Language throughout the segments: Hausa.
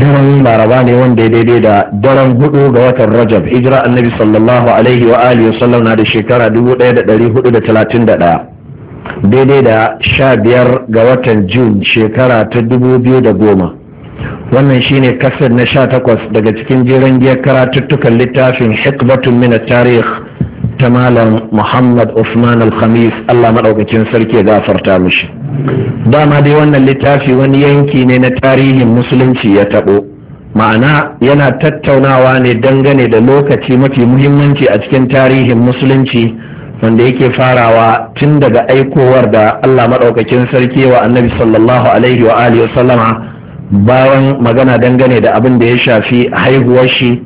daren laraba ne wanda ya daidai da daren hudu ga watan rajab hijira annabi sallallahu alaihi wa alihi sallam na da shekara 1431 daidai da sha biyar ga watan jun shekara ta 2010 wannan shine kasar na sha takwas daga cikin jiran giyar karatuttukan littafin hikmatun min tarih ta malam muhammad usman al-khamis allah maɗaukakin sarki ya gafarta mishi dama dai wannan littafi wani yanki ne na tarihin musulunci ya taɓo ma'ana yana tattaunawa ne dangane da lokaci mafi muhimmanci a cikin tarihin musulunci wanda yake farawa tun daga aikowar da allah maɗaukakin sarki wa annabi sallallahu alaihi wa alihi bayan magana dangane da abin da ya shafi haihuwar shi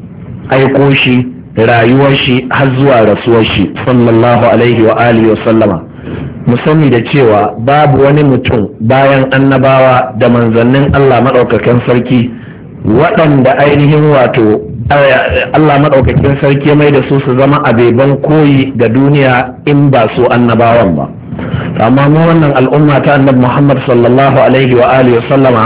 aiko shi rayuwar shi har zuwa rasuwar shi sallallahu alaihi wa alihi wa sallama mu sani da cewa babu wani mutum bayan annabawa da manzannin Allah madaukakin sarki waɗanda ainihin wato Allah madaukakin sarki mai da su su zama abeban koyi ga duniya in ba su annabawan ba amma mu wannan al'umma ta annabi Muhammad sallallahu alaihi wa alihi wa sallama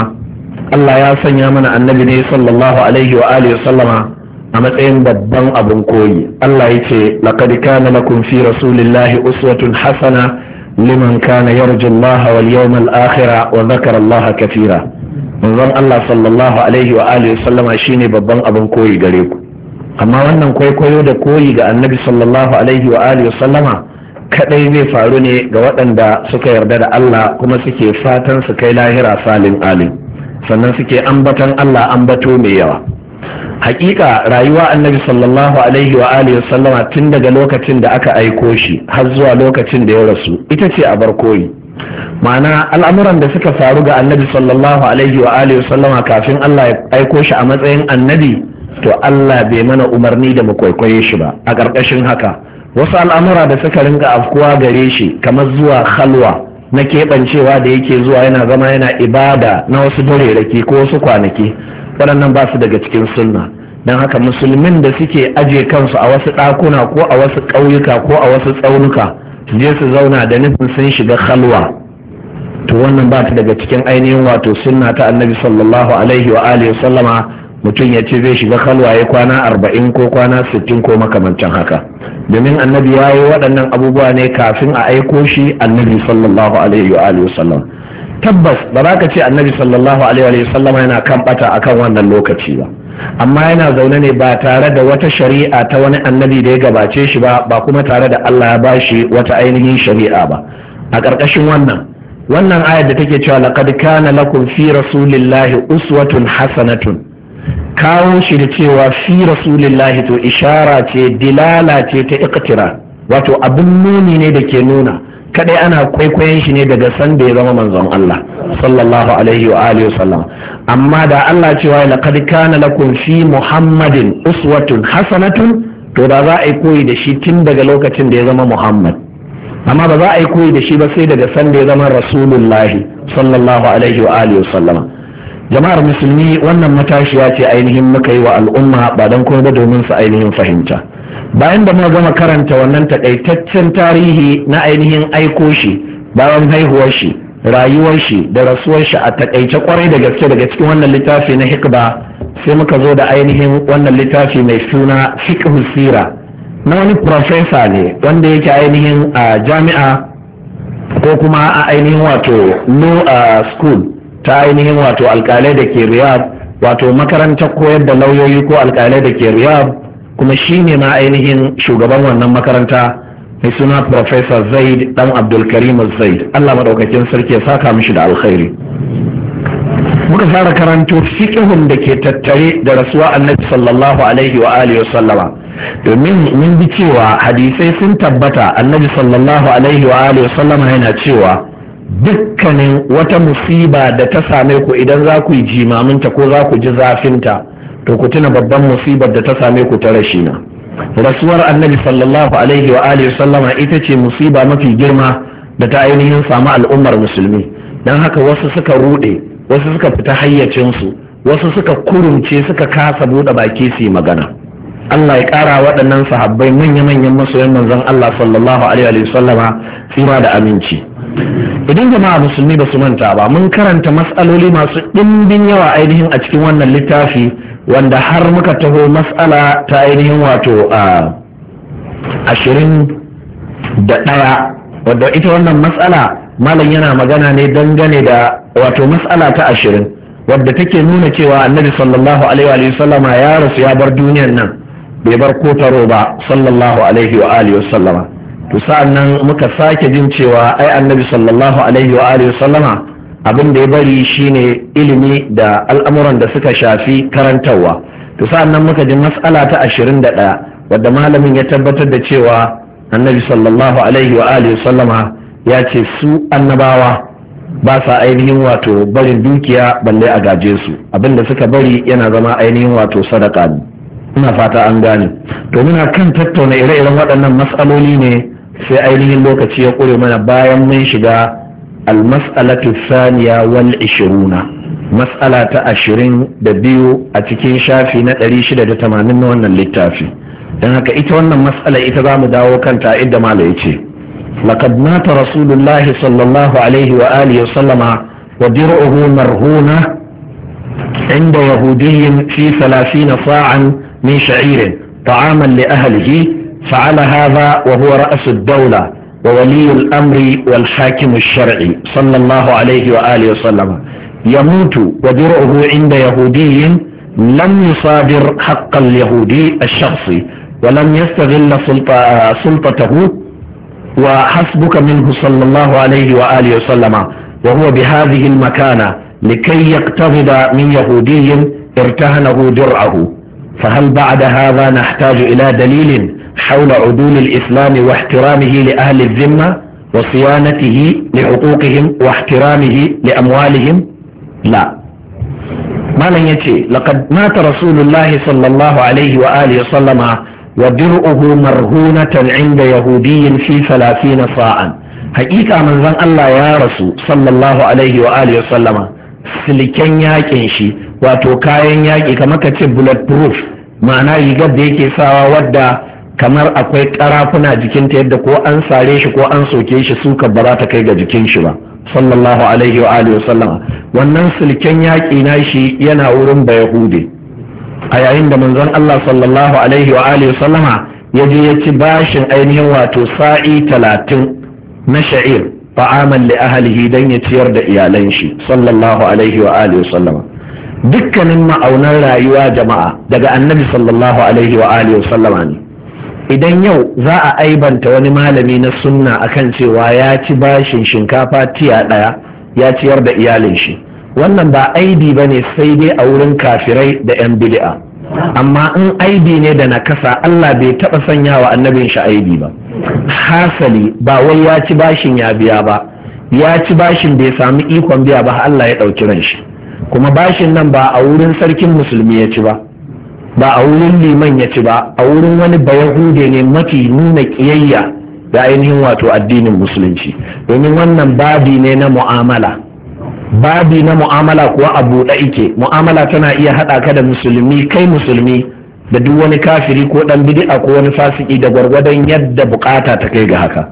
Allah ya sanya mana annabi ne sallallahu alaihi wa alihi wa sallama a matsayin babban abin koyi Allah ya ce laqad kana lakum fi rasulillahi uswatun hasana liman kana yarju Allah wal yawmal akhir wa dhakara Allah kathira manzon Allah sallallahu alaihi wa alihi sallama shine babban abin koyi gare ku amma wannan kwaikwayo da koyi ga annabi sallallahu alaihi wa alihi sallama kadai zai faru ne ga waɗanda suka yarda da Allah kuma suke fatan su kai lahira salin alim sannan suke ambatan Allah ambato mai yawa hakika rayuwa annabi sallallahu alaihi wa alihi sallama tun daga lokacin da aka aiko shi har zuwa lokacin da ya rasu ita ce a barkoyi ma'ana al'amuran da suka faru ga annabi sallallahu alaihi wa alihi sallama kafin Allah ya aiko shi a matsayin annabi to Allah bai mana umarni da mu kwaikwaye shi ba a ƙarƙashin haka wasu al'amura da suka ringa afkuwa gare shi kamar zuwa halwa na keɓancewa da yake zuwa yana zama yana ibada na wasu dare ko wasu kwanaki waɗannan ba su daga cikin sunna don haka musulmin da suke aje kansu a wasu ɗakuna ko a wasu ƙauyuka ko a wasu tsaunuka su je su zauna da nufin sun shiga khalwa to wannan ba su daga cikin ainihin wato sunna ta annabi sallallahu alaihi wa alihi sallama mutum ya ce zai shiga khalwa ya kwana arba'in ko kwana sittin ko makamancin haka domin annabi ya yi waɗannan abubuwa ne kafin a aiko shi annabi sallallahu alaihi wa alihi tabbas ba za ka ce annabi sallallahu alaihi wasallama yana kan bata akan wannan lokaci ba amma yana zaune ne ba tare da wata shari'a ta wani annabi da ya gabace shi ba ba kuma tare da Allah ya bashi wata ainihin shari'a ba a ƙarƙashin wannan wannan ayar da take cewa laqad kana lakum fi rasulillahi uswatun hasanatun kawo shi da cewa fi rasulillahi to ishara ce dilala ce ta iqtira wato abin nuni ne da ke nuna kadai ana kwaikwayon shi ne daga san da ya zama manzon Allah sallallahu alaihi wa alihi wasallam amma da Allah cewa laqad kana lakum fi muhammadin uswatun hasanatun to da za a yi koyi da shi tun daga lokacin da ya zama muhammad amma ba za a yi koyi da shi ba sai daga san da ya zama rasulullahi sallallahu alaihi wa alihi wasallam jama'ar musulmi wannan matashiwa ce ainihin muka yi wa al'umma ba don kuma ba domin su ainihin fahimta bayan da muka gama karanta wannan takaitaccen tarihi na ainihin aiko shi bayan haihuwar shi rayuwar shi da rasuwar shi a takaice kwarai da gaske daga cikin wannan littafi na hikba sai muka zo da ainihin wannan littafi mai suna fiqh sira na wani profesa ne wanda yake ainihin a jami'a ko kuma a ainihin wato no school ta ainihin wato alkalai da ke riyab wato makarantar koyar da lauyoyi ko alkalai da ke riyab. kuma shi ne ma ainihin shugaban wannan makaranta mai suna Professor Zaid dan Abdulkarim Zaid Allah madaukakin sarki ya saka mishi da alkhairi muka fara karanto fiqhun da ke tattare da rasuwa Annabi sallallahu alaihi wa alihi wa sallama domin mun bi cewa hadisai sun tabbata Annabi sallallahu alaihi wa alihi wa sallama yana cewa dukkanin wata musiba da ta same ku idan za ku yi jimaminta ko za ku ji zafinta to ku tuna babban musibar da ta same ku ta rashi na rasuwar annabi sallallahu alaihi wa alihi sallama ita ce musiba mafi girma da ta ainihin samu al'ummar musulmi don haka wasu suka rude wasu suka fita hayyacinsu wasu suka kurumce suka kasa buɗe baki su yi magana Allah ya ƙara waɗannan sahabbai manya-manyan masoyan manzon Allah sallallahu alaihi wa sallama tsira da aminci idan jama'a musulmi ba su manta ba mun karanta matsaloli masu ɗimbin yawa ainihin a cikin wannan littafi wanda har muka taho matsala ta ainihin wato a ashirin da ɗaya wadda ita wannan matsala malam yana magana ne dangane da wato matsala ta ashirin wadda take nuna cewa annabi sallallahu alaihi wa sallama ya rasu ya bar duniyar nan bai bar kotaro ba sallallahu alaihi wa alihi wa sallama to sa'an nan muka sake jin cewa ai annabi sallallahu alaihi wa alihi wa sallama abin da ya bari shine ilimi da al'amuran da suka shafi karantarwa to nan muka ji mas'ala ta ashirin da ɗaya wadda malamin ya tabbatar da cewa annabi sallallahu alaihi wa alihi sallama ya ce su annabawa ba sa ainihin wato barin dukiya balle a gaje su abin da suka bari yana zama ainihin wato sadaka ne ina fata an gane to muna kan tattauna ire-iren waɗannan matsaloli ne sai ainihin lokaci ya ƙure mana bayan mun shiga almas'alatu saniya wal ishiruna mas'ala ta ashirin da biyu a cikin shafi na ɗari shida da tamanin wannan littafi don haka ita wannan ita za mu dawo kanta inda mala ya ce لقد مات رسول الله صلى الله عليه وآله وسلم ودرعه مرهونة عند يهودي في ثلاثين صاعا من شعير طعاما لأهله فعل هذا وهو رأس الدولة وولي الأمر والحاكم الشرعي صلى الله عليه وآله وسلم يموت ودرعه عند يهودي لم يصادر حق اليهودي الشخصي ولم يستغل سلطة سلطته وحسبك منه صلى الله عليه وآله وسلم وهو بهذه المكانة لكي يقتضب من يهودي ارتهنه درعه فهل بعد هذا نحتاج إلى دليل حول عدول الإسلام واحترامه لأهل الذمة وصيانته لحقوقهم واحترامه لأموالهم لا ما لن يتي لقد مات رسول الله صلى الله عليه وآله وسلم ودرؤه مرهونة عند يهودي في ثلاثين صاعا حقيقة من ذن الله يا رسول صلى الله عليه وآله وسلم siliken yakin shi wato kayan yaki kamar ka ce bullet proof ma'ana rigar da yake sawa wadda kamar akwai karafuna jikinta yadda ko an sare shi ko an soke shi suka ba za ta kai ga jikin shi ba sallallahu alaihi wa alihi wasallama wannan silken yaƙi na shi yana wurin bayahude a yayin da manzon Allah sallallahu alaihi wa alihi wasallama ya je ya ci bashin ainihin wato sa'i talatin na sha'ir fa'aman li ahlihi dan ya ciyar da iyalan shi sallallahu alaihi wa alihi wasallama dukkanin ma'aunar rayuwa jama'a daga annabi sallallahu alaihi wa alihi wasallama ne idan yau za a aibanta wani malami na sunna a kan cewa ya ci bashin shinkafa tiya ɗaya ya ciyar da iyalin shi wannan ba aibi ba ne sai dai a wurin kafirai da 'yan bid'a amma in aibi ne da nakasa Allah bai taɓa sanya wa annabin shi aibi ba hasali ba wai ya ci bashin ya biya ba ya ci bashin bai sami ikon biya ba Allah ya ɗauki ran shi kuma bashin nan ba a wurin sarkin musulmi ya ci ba ba a wurin liman ya ci ba a wurin wani bayahude ne mafi nuna kiyayya da ainihin wato addinin musulunci domin wannan babi ne na mu'amala babi na mu'amala kuwa a buɗe ike mu'amala tana iya haɗa ka da musulmi kai musulmi da duk wani kafiri ko ɗan bidi'a ko wani fasiki da gwargwadon yadda bukata ta kai ga haka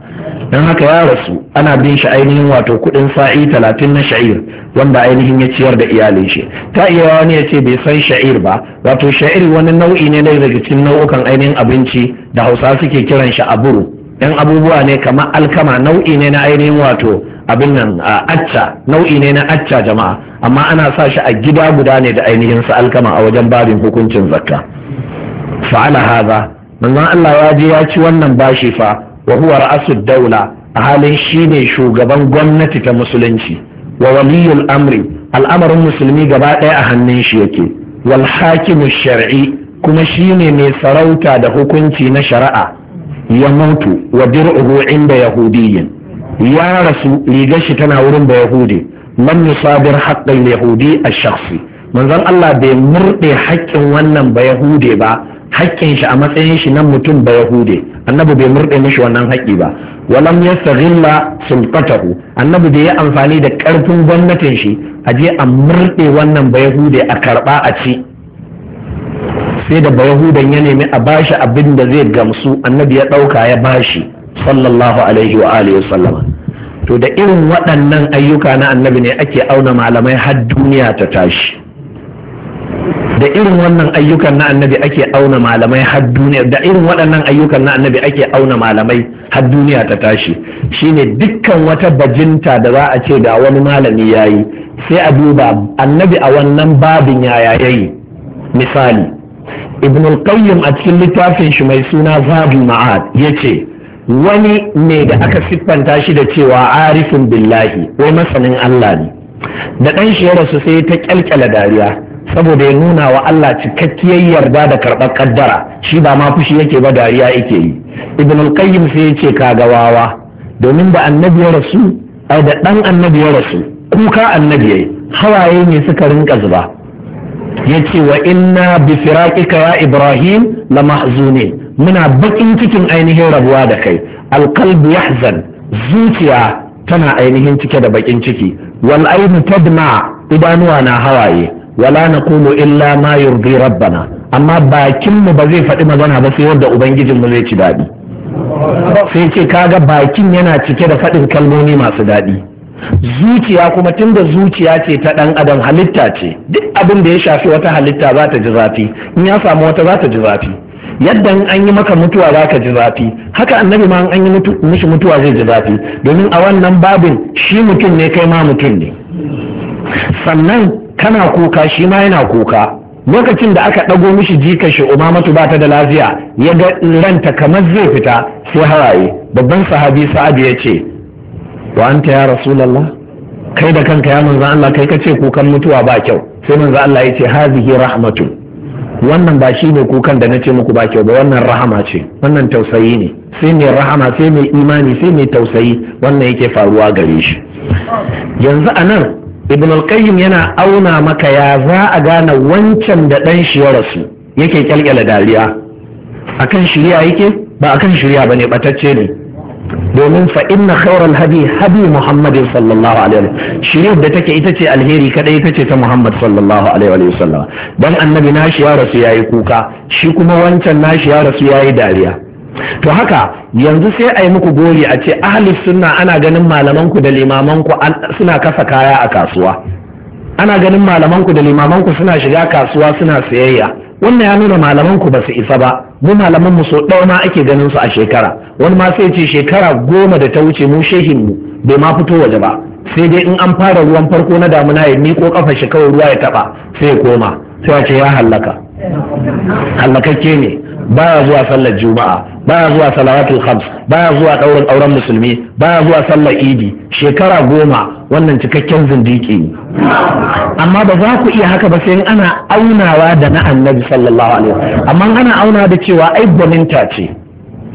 don haka ya rasu ana bin shi ainihin wato kudin sa'i talatin na sha'ir wanda ainihin ya ciyar da iyalin shi ta iya wani ya ce bai san sha'ir ba wato sha'ir wani nau'i ne na daga cikin nau'ukan ainihin abinci da hausa suke kiran shi aburu yan abubuwa ne kamar alkama nau'i ne na ainihin wato abin nan a acca nau'i ne na acca jama'a amma ana sa shi a gida guda ne da ainihin su alkama a wajen babin hukuncin zakka fa'ala haza manzon Allah ya je ya ci wannan bashi fa wa huwa ra'asud daula a halin shine shugaban gwamnati ta musulunci wa waliyul amri al'amarin musulmi gaba ɗaya a hannun shi yake wal hakimu shar'i kuma shine mai sarauta da hukunci na shari'a ya mutu wa dir'uhu inda yahudiyyin ya rasu rigar shi tana wurin da yahudi man yusabir haqqal yahudi a shakhsi manzon Allah bai murɗe haƙƙin wannan ba yahude ba hakkin shi a matsayin shi nan mutum ba yahude annabi bai murɗe mishi wannan haƙƙi ba walam ya yastaghilla sulkatahu annabi bai yi amfani da ƙarfin gwamnatin shi a je a murɗe wannan ba yahude a karɓa a ci sai da ba yahudan ya nemi a bashi abin da zai gamsu annabi ya ɗauka ya bashi sallallahu alaihi wa sallama to da irin waɗannan ayyuka na annabi ne ake auna malamai har duniya ta tashi da irin wannan ayyukan na annabi ake auna malamai har duniya da irin waɗannan ayyukan na annabi ake auna malamai har duniya ta tashi shine dukkan wata bajinta da za a ce da wani malami yayi sai a duba annabi a wannan babin yaya yayi misali ibn al-qayyim a cikin littafin shi mai suna zabul ma'ad yace wani ne da aka siffanta shi da cewa arifin billahi wai masanin Allah ne da ɗan shi ya rasu sai ta kyalkyala dariya saboda ya nuna wa Allah cikakkiyar yarda da karɓar kaddara shi ba ma fushi yake ba dariya yake yi ibn al-qayyim sai ya ce kaga wawa domin da annabi ya rasu ai da dan annabi ya rasu kuka annabi yayi hawaye ne suka rinka zuba yace wa inna bi firaqika ya ibrahim la mahzunin muna bakin cikin ainihin rabuwa da kai alqalbu yahzan zuciya tana ainihin cike da bakin ciki wal ainu tadma idanuwa na hawaye wala na naqulu illa ma yurdi rabbana amma bakin mu ba zai faɗi magana ba sai wanda ubangijin mu zai ci daɗi sai ce kaga bakin yana cike da faɗin kalmomi masu daɗi zuciya kuma tunda zuciya ce ta ɗan adam halitta ce duk abin da ya shafi wata halitta za ta ji zafi in ya samu wata za ta ji zafi yadda an yi maka mutuwa za ka ji zafi haka annabi ma in an yi mishi mutuwa zai ji zafi domin a wannan babin shi mutum ne kai ma mutum ne sannan kana kuka shi ma yana kuka lokacin da aka ɗago mishi jika shi umamatu ba ta da lafiya ya ga ranta kamar zai fita sai haraye babban sahabi sa'ad ya ce wa anta ya rasulallah kai da kanka ya manzo Allah kai kace kukan mutuwa ba kyau sai manzo Allah ya ce hazihi rahmatu wannan ba shi ne kukan da na ce muku ba kyau ba wannan rahama ce wannan tausayi ne sai mai rahama sai mai imani sai mai tausayi wannan yake faruwa gare shi yanzu anan ibn al-qayyim yana auna maka ya za a gane wancan da dan shi ya rasu yake kyalkyala dariya akan shirya yake ba akan shirya bane batacce ne domin fa inna khairal hadi hadi muhammadin sallallahu alaihi wasallam shirya da take ita ce alheri kada ita ce ta muhammad sallallahu alaihi wasallam dan annabi nashi ya rasu yayi kuka shi kuma wancan nashi ya rasu yayi dariya to haka yanzu sai a yi muku gori a ce ahli suna ana ganin malamanku da limamanku suna kasa kaya a kasuwa ana ganin malamanku da limamanku suna shiga kasuwa suna sayayya wannan ya nuna malamanku ba su isa ba mu malaman mu so ɗaya ma ake ganin su a shekara wani ma sai ce shekara goma da ta wuce mu shehin mu bai ma fito waje ba sai dai in an fara ruwan farko na damuna ya miko kafa shi kawai ruwa ya taɓa, sai ya koma sai ya ce ya hallaka hallakakke ne baya zuwa sallar juma'a baya zuwa salawatul khams baya zuwa daurin auren musulmi baya zuwa sallar idi shekara goma wannan cikakken zindiki amma ba za ku iya haka ba sai ana aunawa da na annabi sallallahu alaihi amma ana aunawa da cewa ai gwaninta ce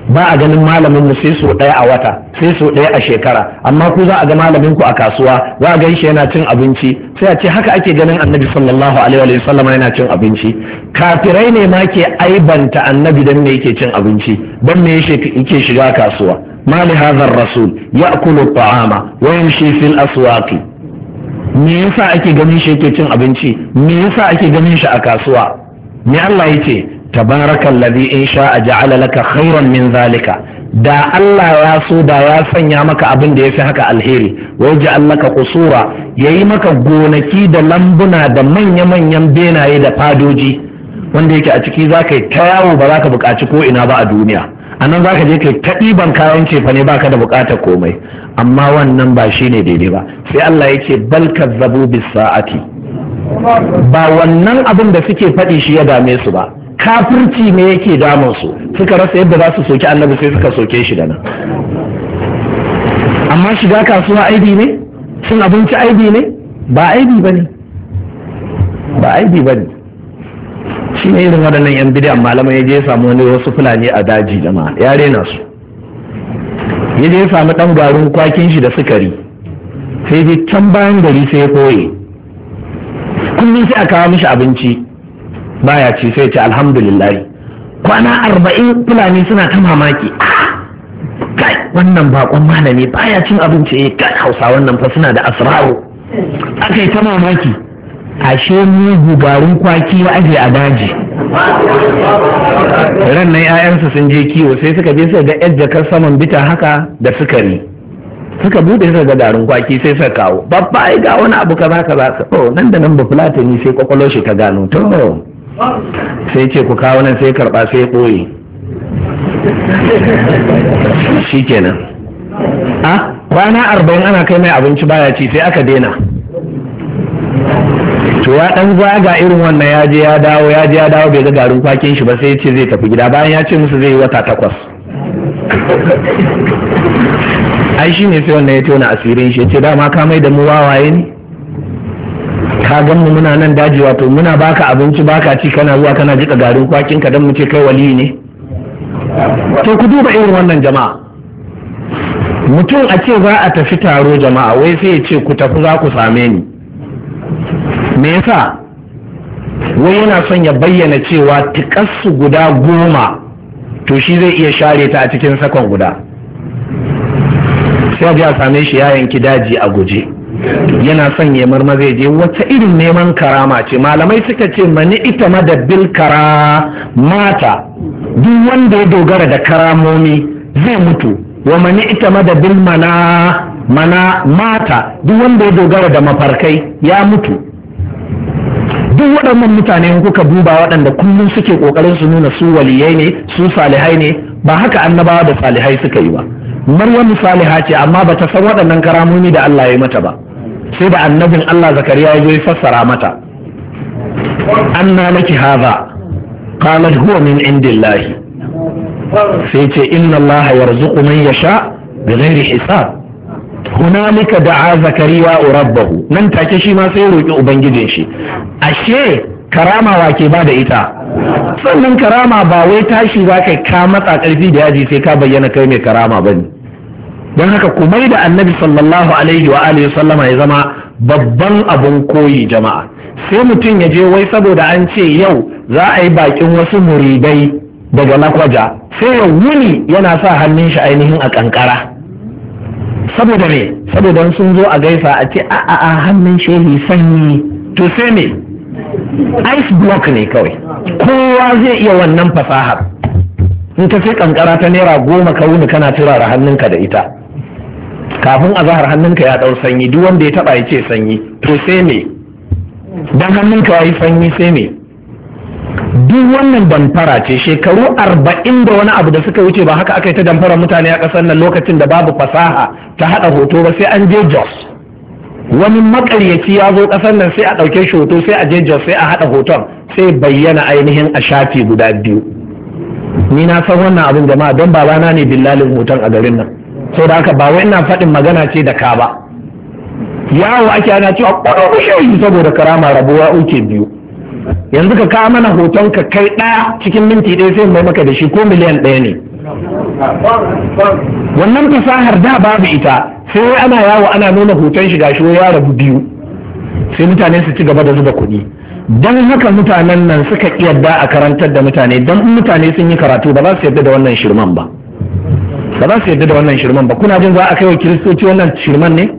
ba a ganin malamin mu sai so ɗaya a wata sai so ɗaya a shekara amma ku za a ga malamin ku a kasuwa za a gan shi yana cin abinci sai a ce haka ake ganin annabi sallallahu alaihi wa sallam yana cin abinci kafirai ne ma ke aibanta annabi dan me yake cin abinci dan me yake shiga kasuwa ma li rasul ya'kulu ta'ama wa yamshi fil aswaqi me yasa ake ganin shi yake cin abinci me yasa ake ganin shi a kasuwa me Allah yake tabarakan ladhi in sha'a ja'ala laka khairan min zalika da Allah ya so da ya sanya maka abin da ya fi haka alheri wai ja'al laka qusura yayi maka gonaki da lambuna da manya-manyan benaye da fadoji wanda yake a ciki zaka yi ta yawo ba zaka buƙaci ko ina ba a duniya a nan zaka je kai ta ɗiban kayan cefa ne baka da buƙatar komai amma wannan ba shi ne daidai ba sai Allah yake bal kazzabu bis sa'ati ba wannan abin da suke faɗi shi ya dame su ba kafirci ne yake damun su suka rasa yadda za su soki annabi sai suka soke shi da nan amma shiga kasuwa aibi ne cin abinci aibi ne ba aibi ba ne ba aibi ba ne shi ne irin waɗannan yan bidiyan malamai ya je samu wani wasu fulani a daji jama'a ya rena su ya je samu ɗan garin kwakin shi da sukari sai je can bayan gari sai ya koye kullum sai a kawo mishi abinci baya ci sai ce alhamdulillah kwana arba'in fulani suna ta mamaki ah, kai wannan bakon malami baya cin abinci eh kai hausa wannan fa suna da asra'u aka yi ta mamaki ashe mu gubarun kwaki wa aje a daji ran nan 'ya'yansa sun je kiwo sai suka je suka ga yar jakar saman bita haka da sukari suka bude suka ga garin kwaki sai suka kawo babba ai ga wani abu kaza kaza nan da nan ba fulatani sai kwakwalo shi ta gano to sai ce ku kawo nan sai karba sai ɓoye shi kenan a kwana arba'in ana kai mai abinci baya ci sai aka daina ya dan zaga irin wannan ya je ya dawo ya je ya dawo bai ga garin kwakin shi ba sai ya ce zai tafi gida bayan ya ce musu zai yi wata takwas ai shi ne sai wannan ya tona asirin shi ya ce dama ka mai da mu wawaye ne ka gan mu muna nan daji wato muna baka abinci baka ci kana zuwa kana jika garin kwakin ka dan mu kai wali ne to ku duba irin wannan jama'a mutum a ce za a tafi taro jama'a wai sai ya ce ku tafi za ku same ni me yasa wai yana son ya bayyana cewa tikassu guda goma to shi zai iya share ta a cikin sakon guda sai a same shi ya yanki daji a guje yana son ya marma zai je wata irin neman karama ce malamai suka ce mani ita madabbil kara mata duk wanda ya dogara da karamomi zai mutu wa mani ita madabbil mana mana mata duk wanda ya dogara da mafarkai ya mutu duk waɗannan mutane in kuka duba waɗanda kullum suke ƙoƙarin su nuna su waliyai ne su salihai ne ba haka annabawa da salihai suka yi ba maryamu saliha ce amma ba ta san waɗannan karamomi da Allah ya yi mata ba sai da annabin Allah zakariya ya zo ya fassara mata anna laki hadha qalat huwa min indillahi sai ce inna Allah yarzuqu man yasha bighairi hisab hunalika da'a zakariya rabbahu nan take shi ma sai roki ubangijin shi ashe karama wa ke ba da ita sannan karama ba wai tashi za ka ka matsa karfi da yaji sai ka bayyana kai mai karama ba ne don haka ku mai da annabi sallallahu alaihi wa alihi sallama ya zama babban abun koyi jama'a sai mutum ya je wai saboda an ce yau za a yi bakin wasu muridai daga lakwaja sai ya wuni yana sa hannun shi ainihin a kankara saboda me saboda sun zo a gaisa a ce a a hannun shehi sanyi to sai me ice block ne kawai kowa zai iya wannan fasahar in ka sai kankara ta naira goma ka wuni kana turara hannunka da ita kafin a zahar hannunka ya ɗau sanyi duk wanda ya taɓa ya ce sanyi to sai me dan hannunka ya yi sanyi sai me duk wannan damfara ce shekaru arba'in da wani abu da suka wuce ba haka aka yi ta damfara mutane a ƙasar nan lokacin da babu fasaha ta haɗa hoto ba sai an je jos wani makaryaci ya zo ƙasar nan sai a ɗauke shi hoto sai a je jos sai a haɗa hoton sai bayyana ainihin a shafi guda biyu ni na san wannan abin jama'a don babana ne billalin hoton a garin nan sau da haka ba wai ina faɗin magana ce da ka ba yawo ake ana cewa ƙwararru shehi saboda karama rabuwa uke biyu yanzu ka kawo mana hoton ka kai ɗaya cikin minti ɗaya sai mai maka da shi ko miliyan ɗaya ne wannan fasahar da babu ita sai wai ana yawo ana nuna hoton shi gashi ya rabu biyu sai mutane su ci gaba da zuba kuɗi don haka mutanen nan suka yarda a karantar da mutane don mutane sun yi karatu ba za su yarda da wannan shirman ba ba za su yadda da wannan shirman ba kuna jin za a kai wa kiristoci wannan shirman ne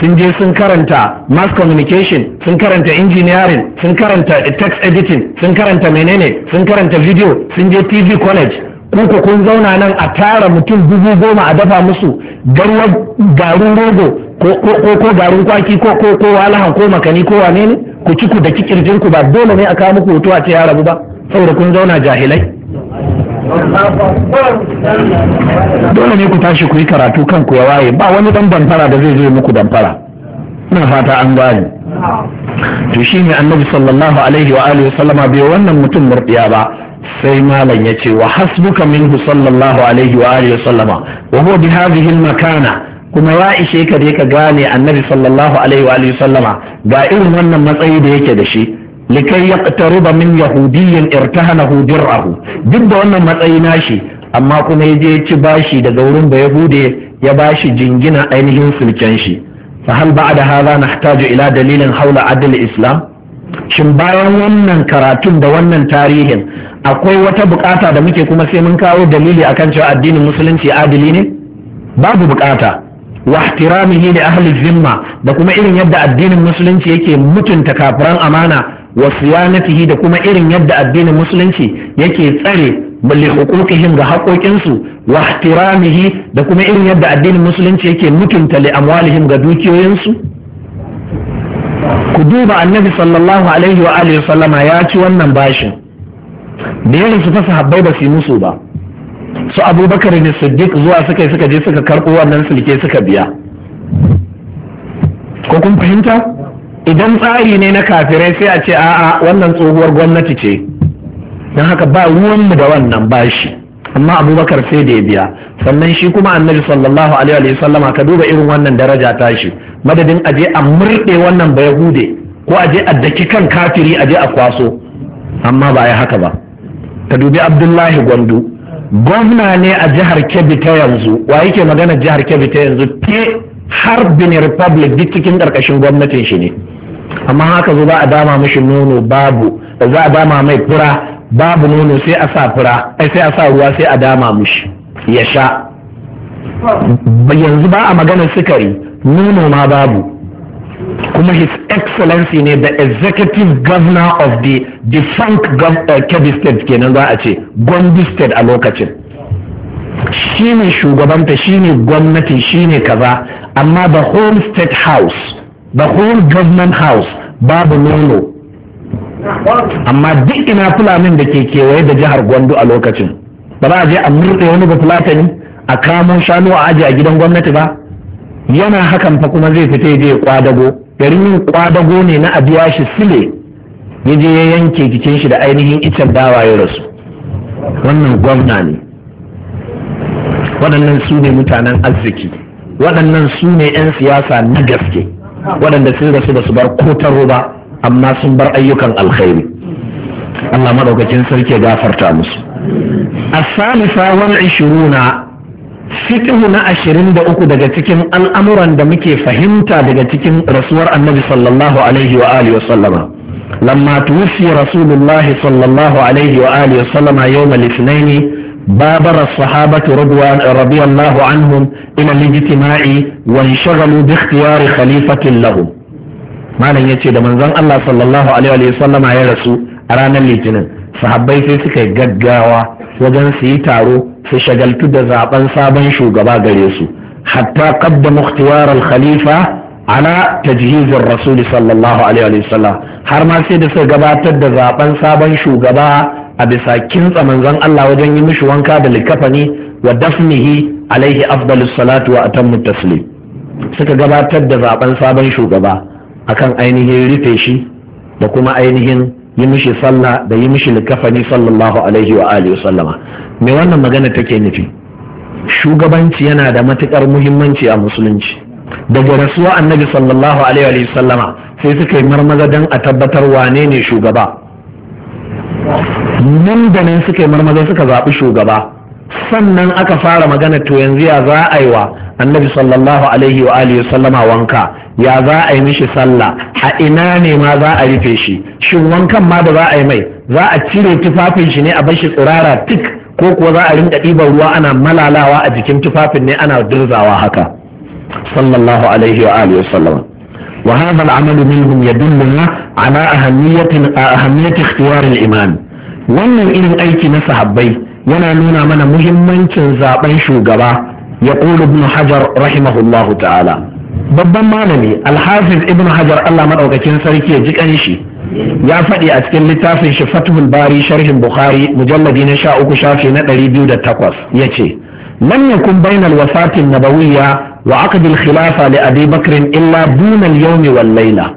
sun je sun karanta mass communication sun karanta engineering sun karanta text editing sun karanta menene sun karanta video sun je tv college kuka kun zauna nan a tara mutum dubu goma a dafa musu garin rogo ko garin kwaki ko ko ko walahan ko makani ko wane ne ku ci ku da kikirjinku ku ba dole ne a kawo muku hoto a ce ya rabu ba saboda kun zauna jahilai dole ne ku tashi ku yi karatu kanku ya waye ba wani dan damfara da zai zo muku damfara ina fata an gane to shine annabi sallallahu alaihi wa alihi sallama bai wannan mutum murdiya ba sai malam ya ce wa hasbuka minhu sallallahu alaihi wa alihi sallama wa huwa bi hadhihi makana kuma ya ishe ka dai ka gane annabi sallallahu alaihi wa alihi sallama ga irin wannan matsayi da yake da shi likai ruba min yahudiyyin irtahanahu ahu duk da wannan matsayi nashi amma kuma ya je ci bashi daga wurin da yahude ya bashi jingina ainihin sulken shi fa hal ba'da hadha nahtaju ila dalilin haula adl islam shin bayan wannan karatun da wannan tarihin akwai wata bukata da muke kuma sai mun kawo dalili akan cewa addinin musulunci adili ne babu bukata wa ihtiramihi li ahli zimma da kuma irin yadda addinin musulunci yake mutunta kafiran amana wa da kuma irin yadda addinin musulunci yake tsare li huquqihim ga haƙoƙinsu wa ihtiramihi da kuma irin yadda addinin musulunci yake mutunta li amwalihim ga dukiyoyinsu ku duba annabi sallallahu alaihi wa alihi sallama ya ci wannan bashin da yarin su ta ba su yi musu ba su abubakar ne siddiq zuwa suka suka je suka karɓo wannan sulke suka biya ko kun fahimta idan tsari ne na kafirai sai a ce a'a wannan tsohuwar gwamnati ce don haka ba ruwanmu da wannan bashi amma abubakar sai da ya biya sannan shi kuma annabi sallallahu alaihi wa sallama ka duba irin wannan daraja ta shi madadin aje a murɗe wannan ba ya yahude ko aje a daki kan kafiri aje a kwaso amma ba ya haka ba ka dubi abdullahi gwandu gwamna ne a jihar kebbi ta yanzu wa yake magana jihar kebbi ta yanzu te har bin republic duk cikin ƙarƙashin gwamnatin shi ne amma haka zo za a dama mishi nono babu za a dama mai fura babu nono sai a sa fura sai a sa ruwa sai a dama mishi ya sha yanzu ba a magana sukari nono ma babu kuma his excellency ne the executive governor of the defunct uh, kebbi state kenan za a ce gombe state a lokacin shi ne shugabanta shi ne gwamnati shi ne kaza amma the whole state house the whole government house babu nono amma duk ina fulanin da ke kewaye da jihar gwandu a lokacin ba za a je a murɗe wani ba fulatani a kamo shanu a aji a gidan gwamnati ba yana hakan fa kuma zai fita je kwadago garin yin kwadago ne na a shi sile ya je ya yanke jikin shi da ainihin icen dawa ya rasu wannan gwamna ne waɗannan su ne mutanen arziki waɗannan su ne 'yan siyasa na gaske waɗanda sun rasu ba su bar kotar ruba amma sun bar ayyukan alkhairi Allah madaukakin sarki gafarta musu asalisa wal ishiruna fiqhu na ashirin da uku daga cikin al'amuran da muke fahimta daga cikin rasuwar annabi sallallahu alaihi wa alihi wa sallama lamma tuwfi rasulullahi sallallahu alaihi wa alihi wa sallama بابر الصحابة رضي الله عنهم إلى الاجتماع وانشغلوا باختيار خليفة لهم ما لن da من ذن الله صلى الله عليه وسلم يا رسول أرانا الاجتماع sahabbai sai suka gaggawa wajen su taro su shagaltu da zaben sabon shugaba gare su hatta qadda muhtiyar khalifa ala tajhizir rasul har ma sai da suka gabatar da zaben sabon shugaba a bisa kintsa manzon Allah wajen yi mishi wanka da likafani wa dafnihi alaihi afdalus salatu wa atammu taslim suka gabatar da zaben sabon shugaba akan ainihin rufe shi da kuma ainihin yi mishi sallah da yi mishi likafani sallallahu alaihi wa alihi sallama me wannan magana take nufi shugabanci yana da matukar muhimmanci a musulunci daga rasuwa annabi sallallahu alaihi wa sallama sai suka yi marmaza don a tabbatar wane ne shugaba nan da nan suka yi marmaza suka zaɓi shugaba sannan aka fara magana to yanzu ya za a yi wa annabi sallallahu alaihi wa alihi sallama wanka ya za a yi mishi sallah a ina ne ma za a rufe shi shin wankan ma da za a yi mai za a cire tufafin shi ne a bashi tsirara tik ko kuwa za a rinka ɗiban ruwa ana malalawa a jikin tufafin ne ana dirzawa haka sallallahu alaihi wa alihi sallama وهذا العمل منهم يدلنا على أهمية أهمية اختيار الإمام wannan irin aiki na sahabbai yana nuna mana muhimmancin zaben shugaba ya ƙulu ibn hajar rahimahullahu ta'ala babban malami alhafiz ibn hajar allah maɗaukakin sarki ya ji ƙanshi ya faɗi a cikin littafin shi fatihul bari sharhin bukhari mujalladi na sha uku shafi na ɗari biyu da takwas ya ce لم يكن بين الوفاة wa وعقد khilafa لأبي بكر إلا دون Layla.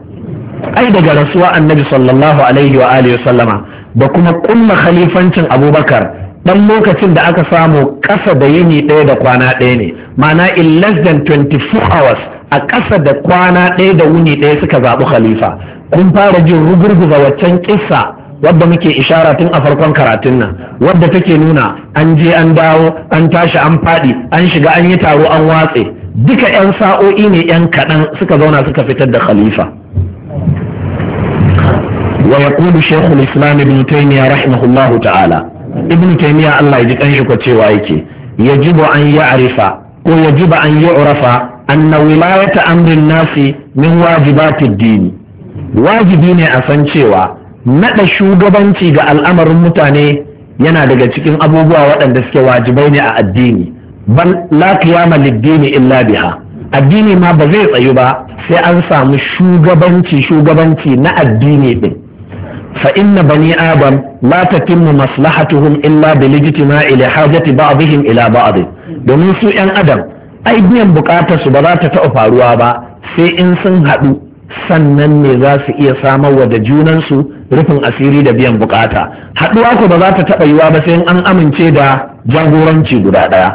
Ai أي rasuwa رسوة النبي صلى الله عليه وآله sallama. da kuma kunna khalifancin abubakar dan lokacin da aka samu ƙasa da yini ɗaya da kwana ɗaya ne ma'ana in less than 24 hours a ƙasa da kwana ɗaya da wuni ɗaya suka zaɓi khalifa kun fara jin rugurguza waccan kissa wadda muke ishara tun a farkon karatun nan wadda take nuna an je an dawo an tashi an faɗi an shiga an yi taro an watse duka 'yan sa'o'i ne 'yan kaɗan suka zauna suka fitar da khalifa ويقول شيخ الإسلام ابن تيمية رحمه الله تعالى ابن تيمية الله يجيك أنشك وتشيوائك يجب أن يعرف ويجب أن يعرف أن ولاية أمر الناس من واجبات الدين wajibi ne a san cewa naɗa shugabanci ga al'amarin mutane yana daga cikin abubuwa waɗanda suke wajibai ne a addini Ban la qiyama lid-dini illa biha addini ma ba zai tsayu ba sai an samu shugabanci shugabanci na addini fa inna bani adam la tatimmu maslahatuhum illa bil ijtima'i li hajati ba'dihim ila ba'd domin su yan adam ai biyan bukatar su ba za ta taɓa faruwa ba sai in sun haɗu sannan ne za su iya samar wa da junansu rufin asiri da biyan bukata haɗuwa ko ba za ta taɓa yiwa ba sai in an amince da jagoranci guda ɗaya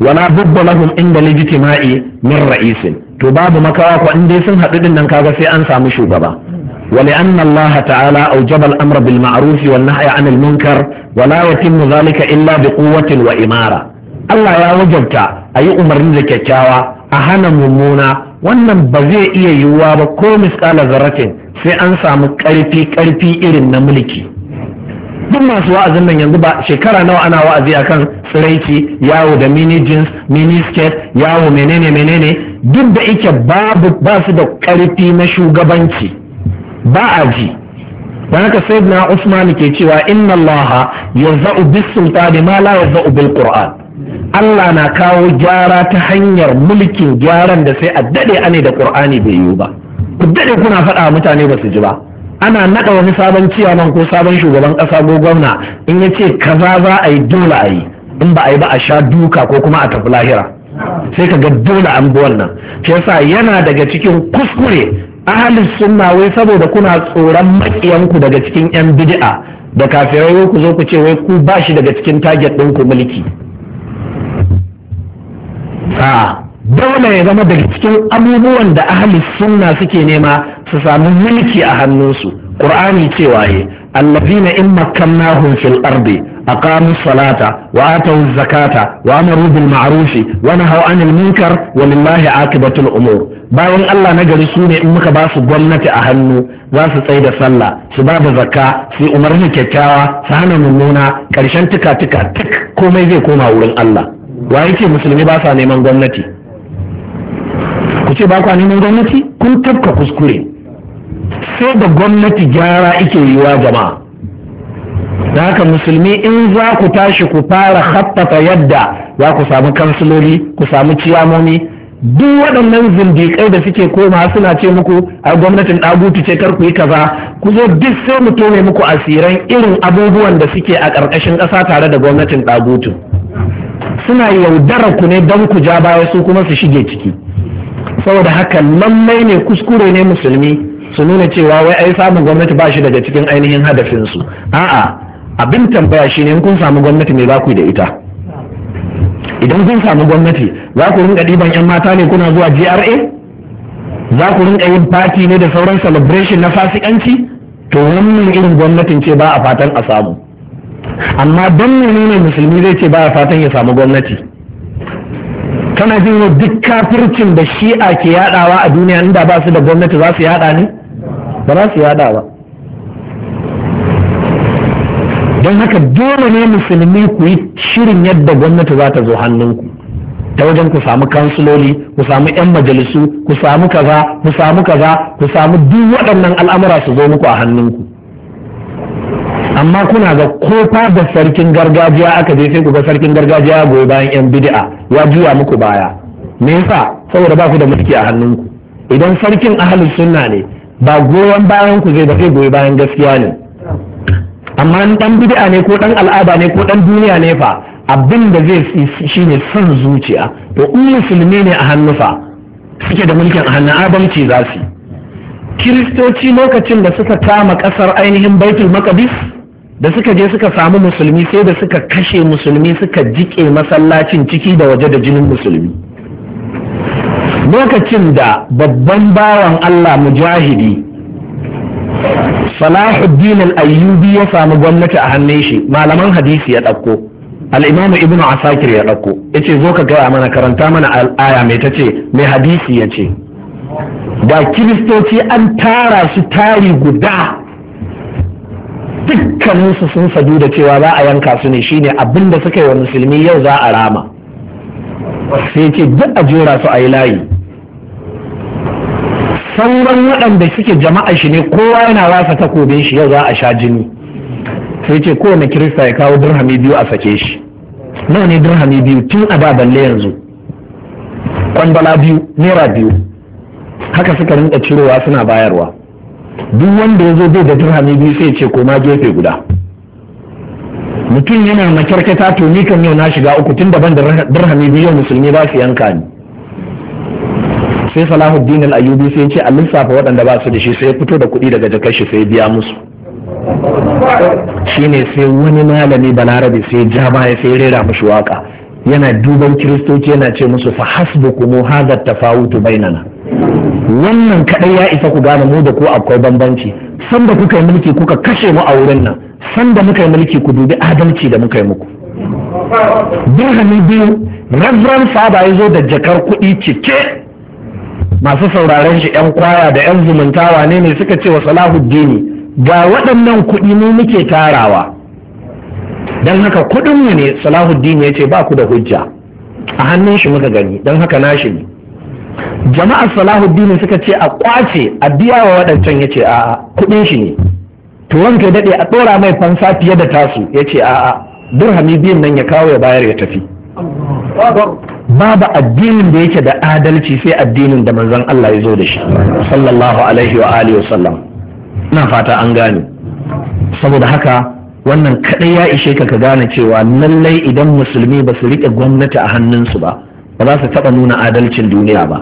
wala bubba lahum inda lijtima'i min ra'isin to babu makawa ko in dai sun haɗu din nan kaga sai an samu shugaba ولأن الله تعالى أوجب الأمر بالمعروف والنهي عن المنكر ولا يتم ذلك إلا بقوة وإمارة الله يا وجبتا أي أمر a أهنا ممونا wannan ba zai iya yiwuwa ba ko miskala zarratin sai an samu karfi karfi irin na mulki duk masu wa'azin nan yanzu ba shekara nawa ana wa'azi akan tsiraiki yawo da mini jeans mini skirt yawo menene menene duk da ike babu ba su da karfi na shugabanci ba a ji don haka sai na usman ke cewa inna allah ya za'u bis sultani ma la ya za'u bil qur'an allah na kawo gyara ta hanyar mulkin gyaran da sai a dade ane da qur'ani bai yiwu ba ku dade kuna faɗa mutane ba su ji ba ana naɗa wani sabon ciyaman ko sabon shugaban ƙasa ko gwamna in ya ce kaza za a yi dole a yi in ba a yi ba a sha duka ko kuma a tafi lahira sai ka ga dole an bi wannan shi yasa yana daga cikin kuskure ahalin sunna wai saboda kuna tsoron makiyanku daga cikin yan bid'a da kafirai ku zo ku ce wai ku ba shi daga cikin target ɗinku mulki a dole ya zama daga cikin abubuwan da ahalin sunna suke nema su sami mulki a hannunsu ƙur'ani cewa ne الذين إن مكناهم في الأرض أقاموا الصلاة وآتوا الزكاة وأمروا بالمعروف ونهوا عن المنكر ولله عاقبة الأمور bayan Allah na gari su ne in muka ba su gwamnati a hannu za su tsaye da sallah su ba da zakka su umarni kyakkyawa su hana mummuna karshen tuka tuka tuk komai zai koma wurin Allah wa yake musulmi ba sa neman gwamnati ku ce ba kwa neman gwamnati kun tafka kuskure sai da gwamnati gyara ike yiwa jama'a da haka musulmi in za ku tashi ku fara hattata yadda za ku samu kansiloli ku samu ciyamomi duk waɗannan zindiƙai da suke koma suna ce muku a gwamnatin ɗagutu ce kar ku yi kaza ku zo duk sai mu tone muku asiran irin abubuwan da suke a ƙarƙashin ƙasa tare da gwamnatin ɗagutu suna yaudarar ku ne don ku ja baya su kuma su shige ciki saboda haka lallai ne kuskure ne musulmi su nuna cewa wai ai samun gwamnati ba shi daga cikin ainihin hadafinsu a'a abin tambaya shi ne kun samu gwamnati me za ku da ita idan kun samu gwamnati za ku rinka ɗiban 'yan mata ne kuna zuwa GRA za ku rinka yin fati ne da sauran celebration na fasikanci to wannan irin gwamnatin ce ba a fatan a samu amma don nuna musulmi zai ce ba a fatan ya samu gwamnati kana jin duk kafircin da shi'a ke yadawa a duniya inda ba su da gwamnati za su yada ne ba za su yaɗa ba don haka dole ne musulmi ku yi shirin yadda gwamnati za ta zo hannunku ta wajen ku samu kansuloli ku samu 'yan majalisu ku samu kaza ku samu kaza ku samu duk waɗannan al'amura su zo muku a hannunku amma kuna ga kofa da sarkin gargajiya aka je sai ku ga sarkin gargajiya ya goyi bayan 'yan bid'a ya juya muku baya me yasa saboda ba ku da mulki a hannunku idan sarkin ahalus sunna ne ba goyon bayan ku zai ba zai goyi bayan gaskiya ne amma dan bid'a ne ko dan al'ada ne ko dan duniya ne fa abin da zai shine son zuciya to in musulmi ne a hannu fa suke da mulkin a hannun abamci za su kiristoci lokacin da suka kama kasar ainihin baitul maqdis da suka je suka samu musulmi sai da suka kashe musulmi suka jike masallacin ciki da waje da jinin musulmi lokacin da babban bawan Allah mujahidi Salahuddin al-Ayyubi ya samu gwamnati a hannun shi malaman hadisi ya ɗauko al-Imam Ibn Asakir ya ɗauko yace zo ka gaya mana karanta mana aya mai tace mai hadisi yace da kiristoci an tara su tari guda dukkaninsu sun sadu da cewa za a yanka su ne shine abinda suka yi wa musulmi yau za a rama sai ce duk a jera su a yi layi sauran waɗanda suke jama'a shi ne kowa yana rasa takobin shi yau za a sha jini sai ce kowane kirista ya kawo dirhami biyu a sake shi nawa ne dirhami biyu tun a da balle yanzu kwandala biyu naira biyu haka suka rinka cirowa suna bayarwa duk wanda ya zo bai da dirhami biyu sai ce koma gefe guda mutum yana makyarkata to ni kan yau na shiga uku tun daban da dirhami biyu yau musulmi ba su yanka ni sai salahuddin al-ayyubi sai ce a lissafa waɗanda ba su da shi sai ya fito da kuɗi daga jakar shi sai biya musu shine sai wani malami balarabe sai ja baya sai rera mushi waka yana duban kiristoci yana ce musu fa hasbukum hadha tafawutu bainana wannan kadai ya isa ku gane mu da ku akwai bambanci san da kuka yi mulki kuka kashe mu a wurin nan san da muka yi mulki ku dubi adalci da muka yi muku dirhami biyu reverend Faba ya zo da jakar kuɗi cike masu sauraren shi yan kwaya da yan zumuntawa ne ne suka ce wa salahuddin ga waɗannan kuɗi mu muke tarawa don haka kuɗinmu ne salahuddini ya ce ba ku da hujja a hannun shi muka gani don haka na ne jama'ar salahuddini suka ce a kwace a biya wa waɗancan ya ce a kuɗin shi ne To kai daɗe a ɗora mai fansa fiye da tasu ya ce a'a burhami biyun nan ya kawo ya bayar ya tafi babu addinin da yake da adalci sai addinin da manzon Allah ya zo da shi sallallahu alaihi wa alihi wasallam ina fata an gane saboda haka wannan kadai ya ishe ka ka gane cewa lallai idan musulmi ba su rike gwamnati a hannunsu ba ba za su taba nuna adalcin duniya ba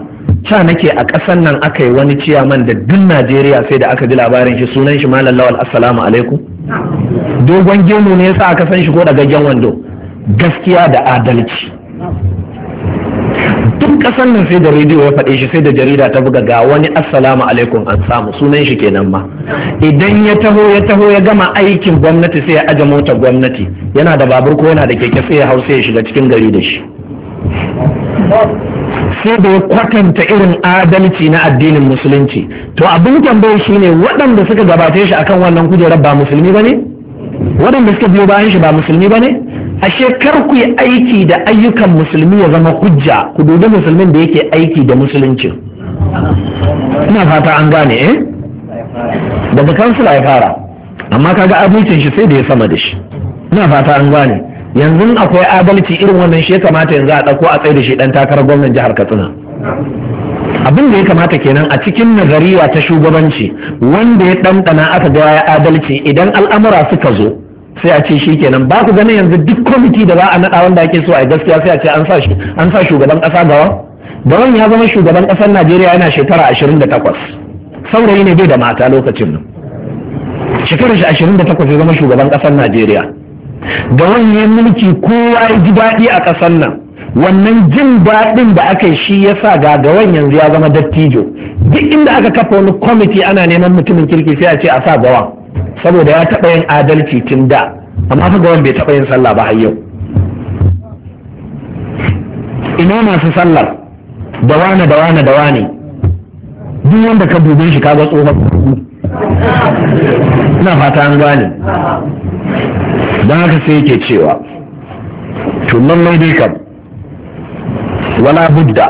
ca nake a ƙasan nan aka yi wani ciyaman da duk najeriya sai da aka ji labarin shi sunan shi malam lawal assalamu alaikum dogon gemu ne yasa aka san shi ko da gaggen wando gaskiya da adalci Tun kasan nan sai da rediyo ya faɗe shi sai da jarida ta buga ga wani assalamu alaikum an samu sunan shi kenan ma idan ya taho ya taho ya gama aikin gwamnati sai ya aje mota gwamnati yana da babur ko yana da keke sai ya hau sai ya shiga cikin gari da shi sai da ya kwatanta irin adalci na addinin musulunci to abin tambayar shine waɗanda suka gabace shi akan wannan kujerar ba musulmi ba ne waɗanda suka biyo bayan shi ba musulmi ba ne ashe kar ku yi aiki da ayyukan musulmi ya zama hujja ku dubi musulmin da yake aiki da musulunci ina fata an gane eh daga kansula ya fara amma kaga abincin shi sai da ya sama da shi ina fata an gane yanzu akwai adalci irin wannan shi ya kamata yanzu a ɗauko a tsaye da shi dan takarar gwamnan jihar katsina abin da ya kamata kenan a cikin nazariya ta shugabanci wanda ya ɗanɗana aka ga ya adalci idan al'amura suka zo sai a ce shi kenan ba ku ganin yanzu duk kwamiti da za a naɗa wanda ake so a gaskiya sai a ce an sa shugaban ƙasa gawa gawan ya zama shugaban ƙasar najeriya yana shekara ashirin da takwas saurayi ne bai da mata lokacin nan shekarar shi ashirin da takwas ya zama shugaban ƙasar najeriya gawan ya mulki kowa ya ji daɗi a ƙasar nan wannan jin daɗin da aka yi shi ya sa gawan yanzu ya zama dattijo duk inda aka kafa wani kwamiti ana neman mutumin kirki sai a ce a sa gawan saboda ya taɓa yin adalci tun da amma fa gawan bai taɓa yin sallah ba har yau ina masu sallar da wane da wane da wane duk wanda ka dube shi kaga tsohon ina fata an gane don haka sai yake cewa to lallai dai kam wala budda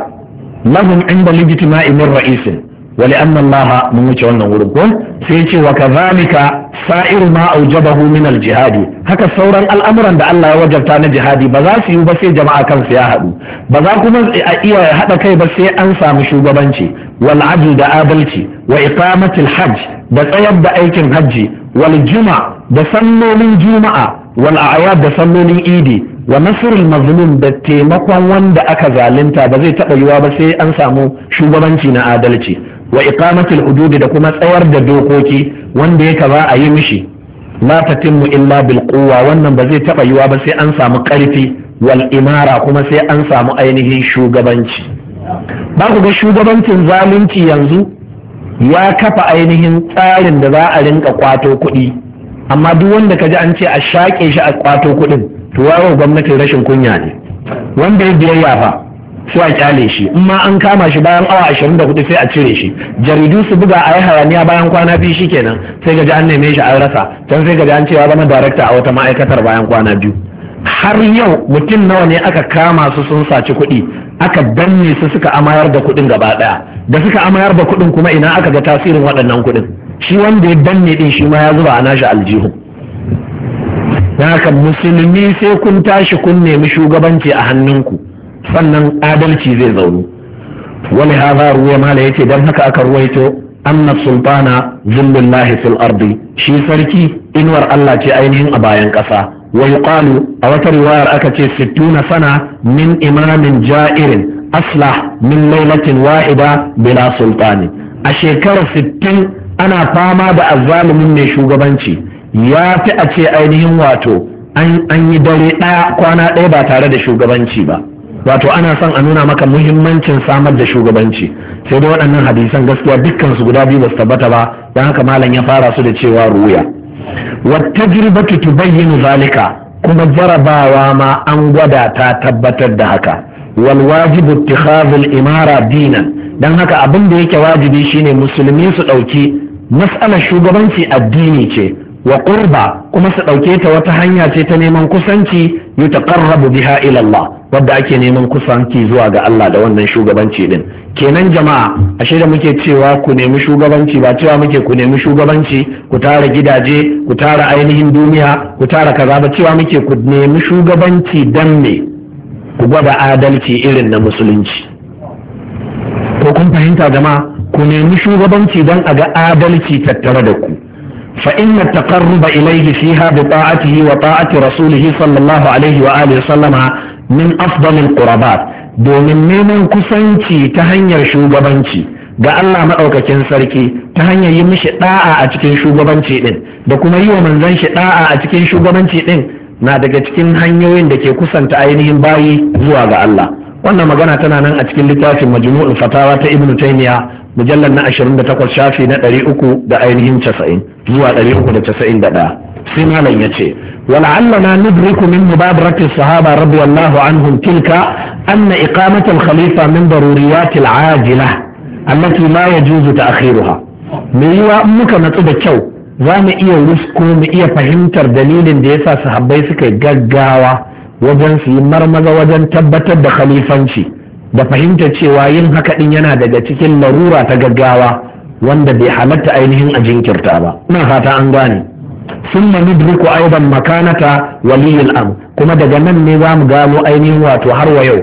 lahum inda lijtima'i min ra'isin wali li'anna Allah mun wuce wannan wurin ko sai ya ce wa ka. sa'iru ma aujabahu min jihadi haka sauran al'amuran da Allah ya wajabta na jihadi ba za su yi ba sai jama'a kansu ya haɗu ba za kuma a iya haɗa kai ba sai an samu shugabanci wal adl da adalci wa iqamatil hajj da tsayar da aikin hajji wal juma da sallolin juma'a wal a'yad da sallolin idi wa nasrul mazlum da taimakon wanda aka zalunta ba zai taɓa yiwa ba sai an samu shugabanci na adalci wa iqamatul hududi da kuma tsawar da dokoki wanda ya ba a yi mishi la tatimmu illa bil quwwa wannan ba zai taba yiwa ba sai an samu karfi wal imara kuma sai an samu ainihin shugabanci ba ku ga shugabancin zalunci yanzu ya kafa ainihin tsarin da za a rinka kwato kuɗi amma duk wanda ka ji an ce a shaƙe shi a kwato kuɗin to wawo gwamnatin rashin kunya ne wanda ya biyayya sai a kyale shi in ma an kama shi bayan awa ashirin hudu sai a cire shi jaridu su buga a yi hayaniya bayan kwana biyu shi kenan, sai gaji an neme shi an rasa can sai gaji an cewa zama darakta a wata ma'aikatar bayan kwana biyu har yau mutum nawa ne aka kama su sun saci kuɗi aka danne su suka amayar da kuɗin gaba ɗaya da suka amayar da kuɗin kuma ina aka ga tasirin waɗannan kuɗin shi wanda ya danne ɗin shi ma ya zuba a nashi aljihu haka musulmi sai kun tashi kun nemi shugabanci a hannunku sannan adalci zai zaunu wani haza ruwa mala yace dan haka aka ruwaito anna sultana zillullahi fil ardi shi sarki inuwar Allah ce ainihin a bayan ƙasa wa yuqalu a wata riwayar aka ce sittuna sana min imamin ja'irin aslah min lailatin wahida bila sultani a shekarar sittin ana fama da azzalumin mai shugabanci ya fi a ce ainihin wato an yi dare ɗaya kwana ɗaya ba tare da shugabanci ba wato ana son a nuna maka muhimmancin samar da shugabanci sai dai waɗannan hadisan gaskiya dukkan su guda biyu ba su tabbata ba don haka malam ya fara su da cewa ruya wattajribatu tubayyinu zalika kuma jarabawa ma an gwada ta tabbatar da haka wal wajibu imara dinan dan haka abin da yake wajibi shine musulmi su ɗauki. mas'alar shugabanci addini ce wa qurba kuma su ɗauke ta wata hanya ce ta neman kusanci yutaqarrabu biha ila Allah wadda ake neman kusanci zuwa ga Allah da wannan shugabanci din kenan jama'a ashe da muke cewa ku nemi shugabanci ba cewa muke ku nemi shugabanci ku tara gidaje ku tara ainihin duniya ku tara kaza ba cewa muke ku nemi shugabanci dan me ku gwada adalci irin na musulunci ko kun fahimta jama'a ku nemi shugabanci dan a ga adalci tattare da ku فإن التقرب إليه فيها بطاعته وطاعة رسوله صلى الله عليه وآله وسلم من أفضل القربات domin neman kusanci ta hanyar shugabanci ga Allah maɗaukakin sarki ta hanyar yi mishi ɗa'a a cikin shugabanci ɗin da kuma yi wa manzan shi ɗa'a a cikin shugabanci ɗin na daga cikin hanyoyin da ke kusanta ainihin bayi zuwa ga Allah wannan magana tana nan a cikin littafin majmu'ul fatawa ta ibnu taymiya mujallar na 28 shafi na 300 da ainihin 90 zuwa 391 sai malam ya ce wala'alla na nubriku min mubabarakin sahaba radiyallahu anhum tilka anna iqamatul khalifa min daruriyatil ajila allati ma yajuzu ta'khiruha me yiwa in muka natsu da kyau za mu iya rusko mu iya fahimtar dalilin da yasa sahabbai suka gaggawa wajen su yi wajen tabbatar da khalifanci da fahimtar cewa yin haka din yana daga cikin larura ta gaggawa wanda bai halatta ainihin a jinkirta ba ina fata an gane ثم ندرك Kuma daga nan ne كما mu النظام ainihin wato har wa yau.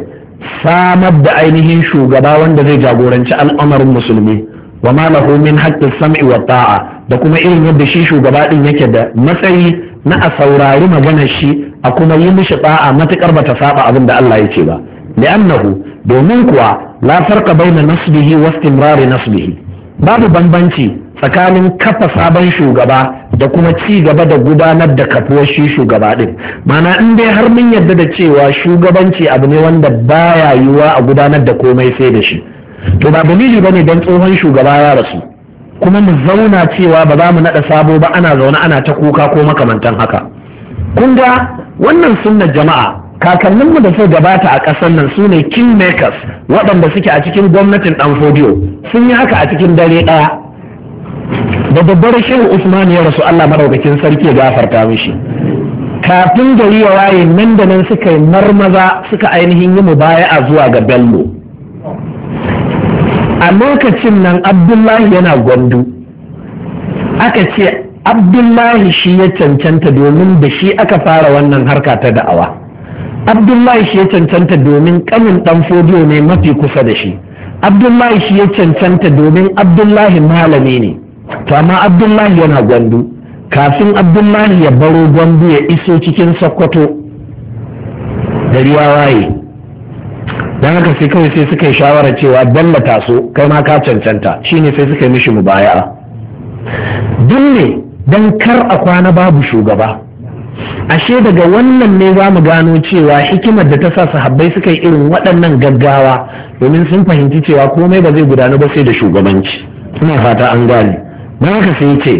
samar da ainihin shugaba wanda zai jagoranci al'amarin musulmi wa ma lahu min haqqis sam'i wa ta'a da kuma irin yadda shi shugaba din yake da matsayi na a saurari maganar shi a kuma yi mishi ta'a matukar bata saba abin da Allah yake ba li'annahu domin kuwa la bai na nasbihi wa istimrari nasbihi babu bambanci tsakanin kafa sabon shugaba da kuma ci gaba da gudanar da kafuwar shi shugaba din mana in dai har mun yadda da cewa shugabanci abu ne wanda baya yiwuwa a gudanar da komai sai da shi to ba dalili bane dan tsohon shugaba ya rasu kuma mu zauna cewa ba za mu naɗa sabo ba ana zaune ana ta kuka ko makamantan haka kun wannan sunnar jama'a kakanninmu da suka gabata a ƙasar nan su ne kingmakers waɗanda suke a cikin gwamnatin ɗan fodiyo sun yi haka a cikin dare ɗaya da babbar shehu usman ya rasu allah maraukakin sarki ya gafarta mishi kafin gari ya waye nan da nan suka yi marmaza suka ainihin yi mu baya a zuwa ga bello a lokacin nan abdullahi yana gwandu aka ce abdullahi shi ya cancanta domin da shi aka fara wannan harka ta da'awa abdullahi shi ya cancanta domin kanin dan fodiyo ne mafi kusa da shi abdullahi shi ya cancanta domin abdullahi malami ne to amma abdullahi yana gwandu kafin abdullahi ya baro gwandu ya iso cikin sokoto riwa waye. don haka sai kawai sai suka yi shawarar cewa ta taso, kai ma ka cancanta shine sai suka yi mishi mubaya'a duk ne don kar a kwana babu shugaba ashe daga wannan ne za mu gano cewa hikimar da ta sa sahabbai suka yi irin waɗannan gaggawa domin sun fahimci cewa komai ba zai gudanu ba sai da shugabanci suna fata an gane don haka sai ce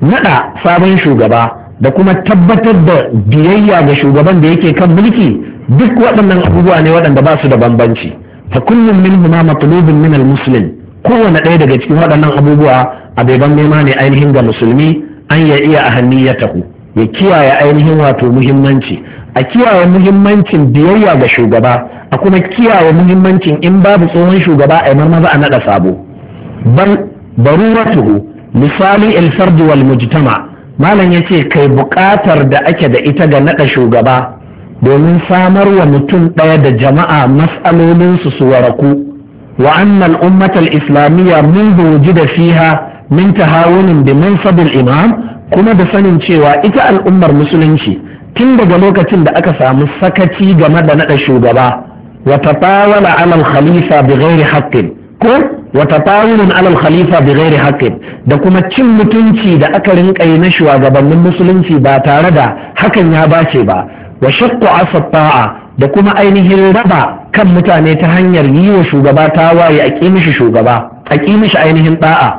naɗa sabon shugaba da kuma tabbatar da biyayya ga shugaban da yake kan mulki duk waɗannan abubuwa ne waɗanda ba su da bambanci fa kullum minhuma matlubun min almuslim kowane ɗaya daga cikin waɗannan abubuwa a ban nema ne ainihin ga musulmi an ya iya a tahu. ya kiyaye ainihin wato muhimmanci a kiyaye muhimmancin biyayya ga shugaba a kuma kiyaye muhimmancin in babu tsohon shugaba a marmaza a naɗa sabo bal baruratuhu misali ilfardi wal mujtama malam ya ce kai buƙatar da ake da ita ga naɗa shugaba domin samar wa mutum ɗaya da jama'a matsalolin su waraku wa annal ummatal islamiyya mun wujida fiha min tahawunin bi mansab imam kuma da sanin cewa ita al'ummar musulunci tun daga lokacin da aka samu sakaci game da naɗa shugaba wata tawala alal khalifa bi ghairi haqqin ko wata tawulun alal khalifa bi ghairi haqqin da kuma cin mutunci da aka rinka yi na shugabannin musulunci ba tare da hakan ya bace ba wa shaqqu asfa'a da kuma ainihin raba kan mutane ta hanyar yi wa shugaba tawaye a mishi shugaba a mishi ainihin da'a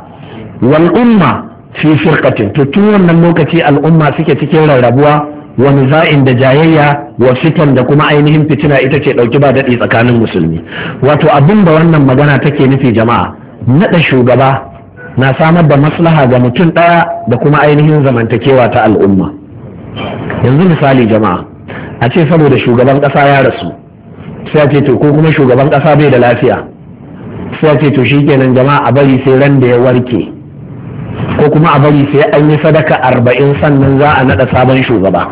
wal umma fi firqatin to tun wannan lokaci al'umma suke cikin rarrabuwa wa niza'in da jayayya wa fitan da kuma ainihin fitina ita ce dauki ba daɗi tsakanin musulmi wato abin da wannan magana take nufi jama'a naɗa shugaba na samar da maslaha ga mutum ɗaya da kuma ainihin zamantakewa ta al'umma yanzu misali jama'a a ce saboda shugaban ƙasa ya rasu sai a ce to ko kuma shugaban ƙasa bai da lafiya sai a ce to shikenan jama'a a bari sai ran da ya warke ko kuma a bari sai an yi sadaka arba'in sannan za a naɗa sabon shugaba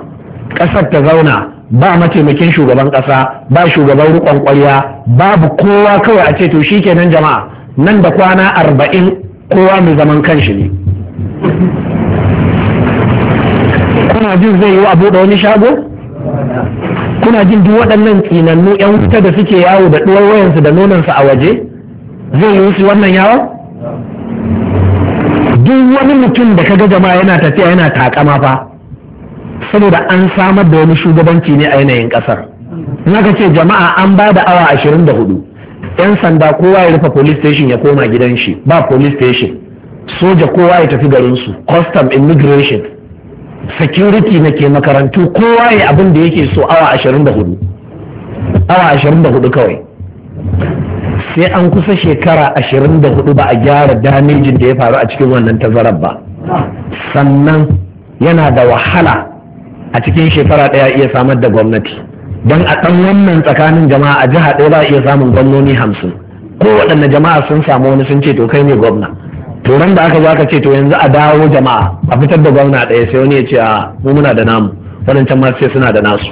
ƙasar ta zauna ba mataimakin shugaban ƙasa ba shugaban riƙon ƙwarya babu kowa kawai a ce to shi kenan jama'a nan da kwana arba'in kowa mai zaman kanshi ne kuna jin zai yi wa da wani shago kuna jin duk waɗannan tsinannu 'yan wuta da suke yawo da ɗuwar wayansu da nonansu a waje zai yi wasu wannan yawon duk wani mutum da kaga jama'a yana tafiya yana takama fa saboda an samar da wani shugabanci ne a yanayin kasar na ce jama'a an ba da awa ashirin da hudu yan sanda kowa ya rufe police station ya koma gidan shi ba police station soja kowa ya tafi garin su custom immigration security na ke makarantu kowa ya abin da yake so awa ashirin da hudu awa ashirin da hudu kawai sai an kusa shekara ashirin da hudu ba a gyara damijin da ya faru a cikin wannan tazarar ba sannan yana da wahala a cikin shekara ɗaya iya samar da gwamnati don a ɗan wannan tsakanin jama'a a jiha ɗaya ba a iya samun gwamnoni hamsin ko waɗanne jama'a sun samu wani sun ce to kai ne gwamna to ran da aka zo aka ce to yanzu a dawo jama'a a fitar da gwamna ɗaya sai wani ya ce a mu muna da namu waɗancan ma sai suna da nasu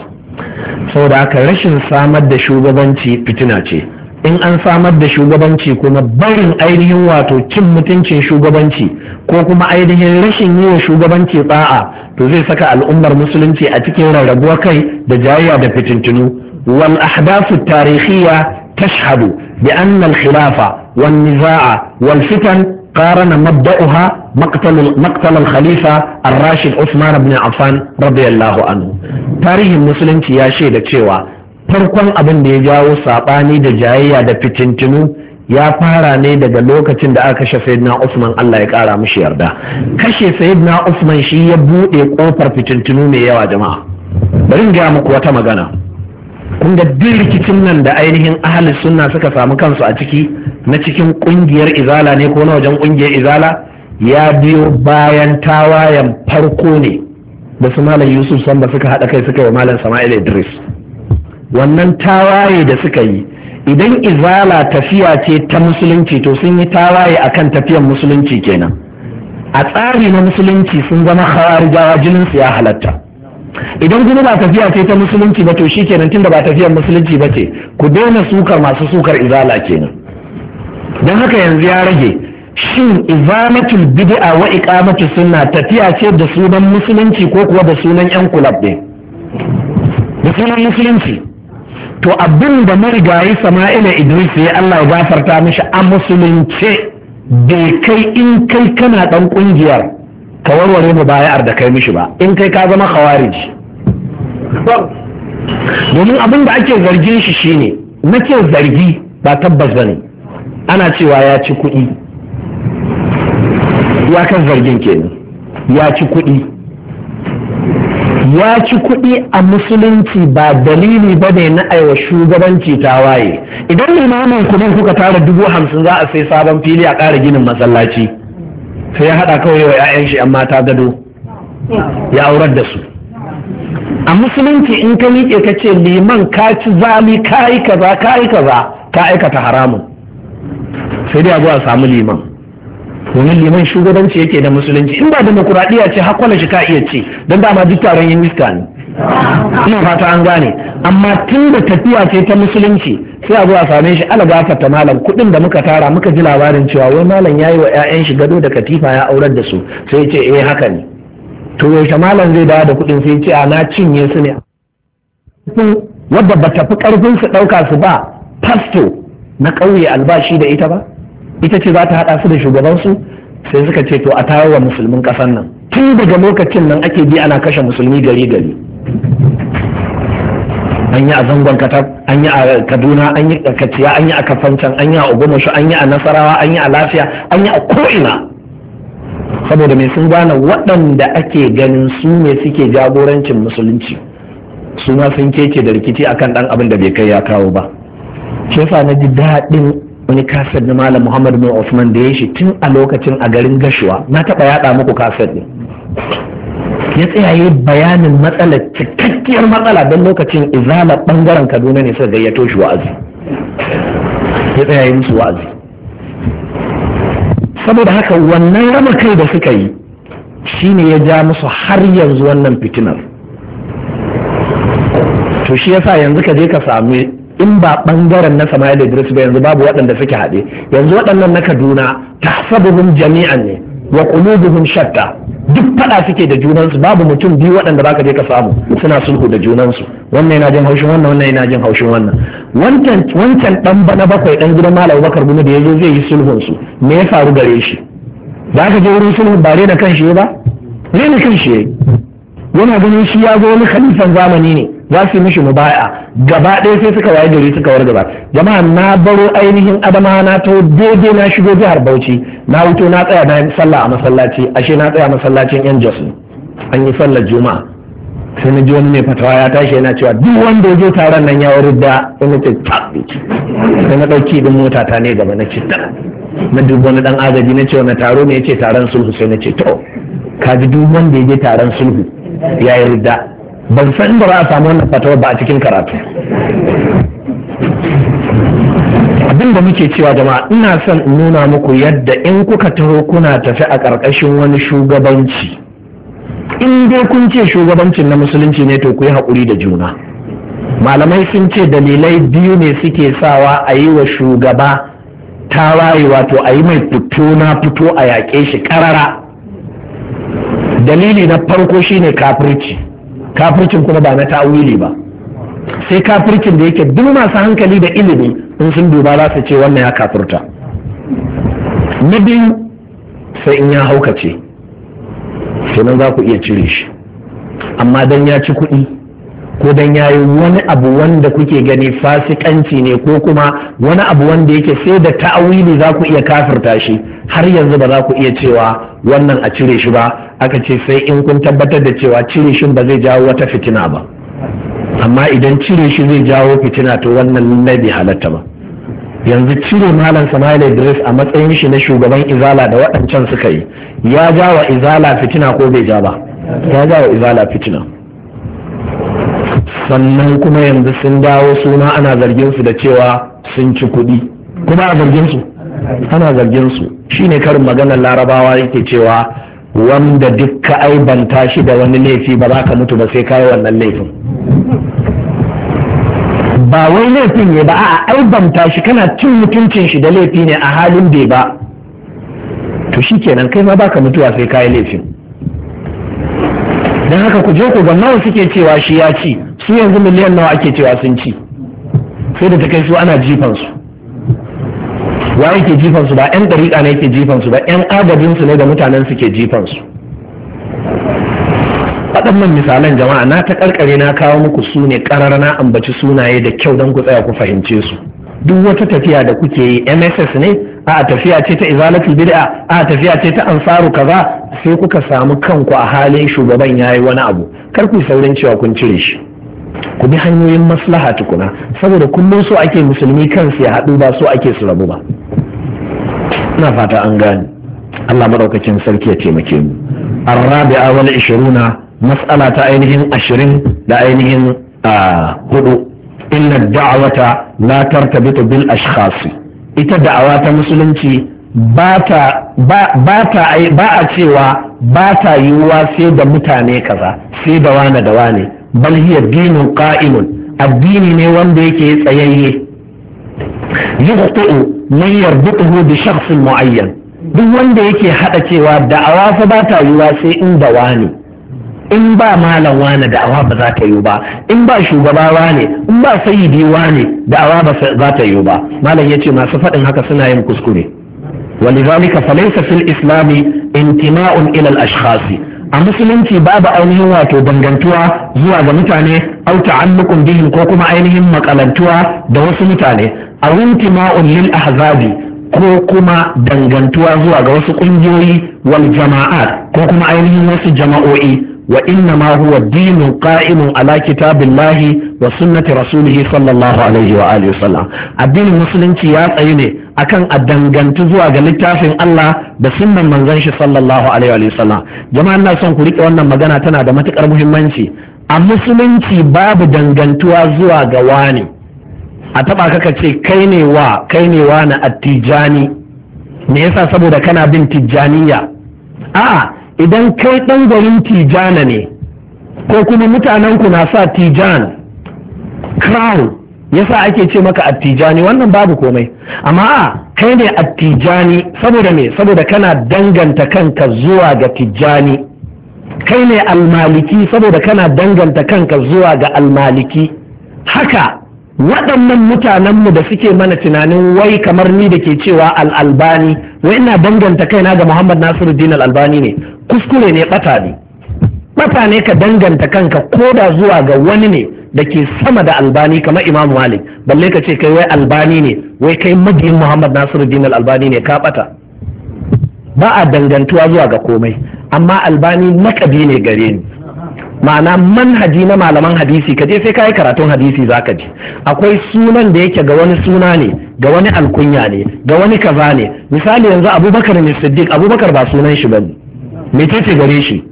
saboda haka rashin samar da shugabanci fitina ce in an samar da shugabanci kuma barin ainihin wato cin mutuncin shugabanci ko kuma ainihin rashin yi wa shugabanci tsa'a to zai saka al'ummar musulunci a cikin rarrabuwar kai da jayayya da fitintunu wal ahdasu tarihiyya tashhadu bi anna al khilafa wan nizaa wal fitan qarana mabda'uha مقتل مقتل الخليفة الراشد عثمان بن عفان رضي الله عنه تاريخ المسلمين يا da cewa farkon abin da ya jawo saɓani da jayayya da fitintinu ya fara ne daga lokacin da aka kashe sayyidina Usman Allah ya kara mushi yarda kashe sayyidina Usman shi ya buɗe ƙofar fitintinu mai yawa jama'a bari gaya muku wata magana Kunga ga duk rikicin nan da ainihin ahli sunna suka samu kansu a ciki na cikin kungiyar izala ne ko na wajen kungiyar izala ya biyo bayan tawayen farko ne da su malam yusuf samba suka haɗa kai suka yi malam sama'il idris wannan tawaye da suka yi idan izala tafiya ce ta musulunci to sun yi tawaye akan tafiyan musulunci kenan a tsari na musulunci sun zama jinin jininsu ya halatta idan kuma ba tafiya ce ta musulunci ba to shikenan tunda ba tafiyan musulunci ba ce ku daina sukar masu sukar izala kenan don haka yanzu ya rage shin izalatul bid'a wa iqamatu sunna tafiya ce da sunan musulunci ko kuwa da sunan yan kulab ne da sunan musulunci to abin da marigayi sama'ila idris ya allah ya gafarta mishi a musulunce bai kai in kai kana dan kungiyar ka warware mu bayar da kai mishi ba in kai ka zama khawarij domin abin da ake zargin shi shine nake zargi ba tabbas bane ana cewa ya ci kuɗi ya kan zargin kenan ya ci kuɗi ya ci kuɗi a musulunci ba dalili ba ne na aiwa shugabanci ta waye idan limamin kuma kuka tara dubu hamsin za a sai sabon fili a ƙara ginin masallaci sai ya haɗa kawai wa 'ya'yan shi 'yan mata gado ya aurar da su a musulunci in ka miƙe ka ce liman ka ci zali ka yi kaza ka yi aikata haramun sai dai a samu liman domin liman shugabanci yake da musulunci in ba demokuraɗiyya ce hakwala shi ka iya ce don dama duk taron yin iska ne ina fata an gane amma tun da tafiya ce ta musulunci sai a zo a same shi ala gafa ta malam kuɗin da muka tara muka ji labarin cewa wai malam yayi wa 'ya'yan shi gado da katifa ya aurar da su sai ce eh haka ne to yaushe malam zai dawo da kuɗin sai ce a na cinye su ne wadda ba tafi karfin su ɗauka su ba fasto na ƙauye albashi da ita ba ita ce za ta haɗa su da shugabansu sai suka ce to a tayar wa musulmin ƙasar nan tun daga lokacin nan ake bi ana kashe musulmi gari gari an yi a zangon katab an yi a kaduna an yi a kaciya an yi a kafancan an yi a ogomashu an yi a nasarawa an yi a lafiya an yi a ko'ina saboda mai sun gane waɗanda ake ganin su ne suke jagorancin musulunci suna ma sun keke da rikici akan ɗan abin da bai kai ya kawo ba shi na ji daɗin wani kaset na malam muhammad bin usman da ya shi tun a lokacin a garin gashuwa na taɓa yaɗa muku kaset ne ya tsayaye bayanin matsala cikakkiyar matsala don lokacin izala ɓangaren kaduna ne suka gayyato shi wa'azi ya tsayaye musu wa'azi saboda haka wannan rama kai da suka yi shine ya ja musu har yanzu wannan fitinar to shi yasa yanzu ka je ka sami in ba bangaren na samaya da Idris ba yanzu babu waɗanda suke haɗe yanzu waɗannan na Kaduna tahsabuhum jami'an ne wa qulubuhum shatta duk fada suke da junansu babu mutum biyu waɗanda baka je ka samu suna sulhu da junansu wannan yana jin haushin wannan wannan yana jin haushin wannan wancan wancan dan bana bakwai dan gidan Malam Bakar Gumi da yazo zai yi sulhun su me ya faru gare shi ba ka je wurin sulhun ba rena kan shi ba rena kan shi yana ganin shi ya zo wani khalifan zamani ne za su mishi mubaya gaba ɗaya sai suka waye gari suka war gaba jama'a na baro ainihin adama na to daidai na shigo jihar bauchi na wuto na tsaya na sallah a masallaci ashe na tsaya masallacin yan jos an yi sallar juma'a sai na ji wani mai fatawa ya tashi yana cewa duk wanda ya je taron nan ya wuri da wani ce sai na ɗauki ɗin mota ta ne gaba na ce na duk wani ɗan agaji na ce wani taro ne ya ce taron sulhu sai na ce to ka ji duk wanda ya je taron sulhu ya yi ridda ban san inda za a samu wannan fatawa ba a cikin karatu abin da muke cewa jama'a ina son in nuna muku yadda in kuka taho kuna tafi a ƙarƙashin wani shugabanci in dai kun ce shugabancin na musulunci ne to ku yi haƙuri da juna malamai sun ce dalilai biyu ne suke sawa a yi wa shugaba tawaye wato a yi mai fito na fito a yaƙe shi ƙarara dalili na farko shine kafirci kafircin kuma ba na ta'awili ba sai kafircin da yake duk masu hankali da ilimi in sun duba za su ce wannan ya kafirta na biyu sai in ya haukace kenan za ku iya cire shi amma dan ya ci kuɗi ko dan yayi wani abu wanda kuke gani fasikanci ne ko kuma wani abu wanda yake sai da ta'awili za ku iya kafirta shi har yanzu ba za ku iya cewa wannan a cire shi ba aka ce sai in kun tabbatar da cewa cire shi ba zai jawo wata fitina ba amma idan cire shi zai jawo fitina to wannan bi halatta ba yanzu cire malam Sama'il Idris a matsayin shi na shugaban Izala da waɗancan suka yi ya jawa Izala fitina ko bai ja ba ya jawa Izala fitina sannan kuma yanzu sun dawo suna ana zargin su da cewa sun ci kuɗi kuma a zargin su ana zargin su ne karin maganar larabawa yake cewa wanda dukka ai tashi da wani laifi ba za ka mutu ba sai kayi wannan laifin ba wai laifin ne ba a aibanta tashi. kana cin mutuncin shi da laifi ne a halin bai ba to shi kenan kai ma ba ka mutuwa sai kayi laifin don haka ku je ku ga nawa suke cewa shi ya ci su yanzu miliyan nawa ake cewa sun ci sai da ta kai su ana jifan su wa yake jifan su ba yan dariƙa ne yake jifan ba yan agajin ne da mutanen su ke jifan su waɗannan misalan jama'a na ta karkare na kawo muku su ne ƙarar na ambaci sunaye da kyau don ku tsaya ku fahimce su duk wata tafiya da kuke yi mss ne a tafiya ce ta izalatul bid'a a tafiya ce ta ansaru kaza sai kuka samu kanku a halin shugaban yayi wani abu kar ku saurin cewa kun cire shi ku bi hanyoyin maslaha tukuna saboda kullum so ake musulmi kansu ya haɗu ba so ake su rabu ba ina fata an gane Allah madaukakin sarki ya taimake mu arrabi'a wal 20 mas'ala ta ainihin 20 da ainihin ah, hudu inna da'awata la tartabitu bil ashkhasi ita da'awa ta musulunci ba a cewa ba ta yiwuwa sai da mutane kaza sai da wane da wane bal hiya dinun qa'imun addini ne wanda yake tsayayye yuqtu man yarbutuhu bi shakhsin mu'ayyan duk wanda yake hada cewa da'awa fa ba ta yiwuwa sai inda wane in ba malam wane da'awa ba za ta yi ba in ba shugabawa wane in ba sayyidi wane da'awa ba za ta yi ba malam ya ce masu faɗin haka suna yin kuskure ولذلك فليس في الإسلام انتماء إلى الأشخاص a musulunci babu ainihin wato dangantuwa zuwa ga mutane au ta'alluqun bihim ko kuma ainihin makalantuwa da wasu mutane aw intima'un lil ahzabi ko kuma dangantuwa zuwa ga wasu ƙungiyoyi wal jama'at ko kuma ainihin wasu jama'o'i wa inna ma huwa dinun qa'imun ala kitabillahi wa sunnati rasulihi sallallahu alaihi wa alihi wasallam musulunci ya tsayu ne akan a dangantu zuwa ga littafin Allah da sunnan manzon shi sallallahu alaihi wa sallam jama'an na son ku rike wannan magana tana da matukar muhimmanci a musulunci babu dangantuwa zuwa ga wani a taba kaka ce kai ne wa na attijani me yasa saboda kana bin tijjaniya a'a idan kai ɗan garin tijana ne ko kuma mutanen ku na sa tijan crown yasa ake ce maka attijani wannan babu komai amma kai ne attijani saboda me saboda kana danganta kanka zuwa ga Tijani? kai ne almaliki saboda kana danganta kanka zuwa ga almaliki haka waɗannan mutanenmu da suke mana tunanin wai kamar ni da ke cewa al'albani wai ina danganta kaina ga muhammad Nasiru, nasiruddin albani ne kuskure ne bata ne bata ne ka danganta kanka ko da zuwa ga wani ne da ke sama da albani kamar imam malik balle ka ce kai wai albani ne wai kai mabiyin muhammad nasiru din albani ne ka bata ba a dangantuwa zuwa ga komai amma albani makabi ne gare ni ma'ana manhaji na malaman hadisi ka je sai ka yi karatun hadisi za ka ji akwai sunan da yake ga wani suna ne ga wani alkunya ne ga wani kaza ne misali yanzu abubakar ne siddiq abubakar ba sunan shi ba ne. mecece gare shi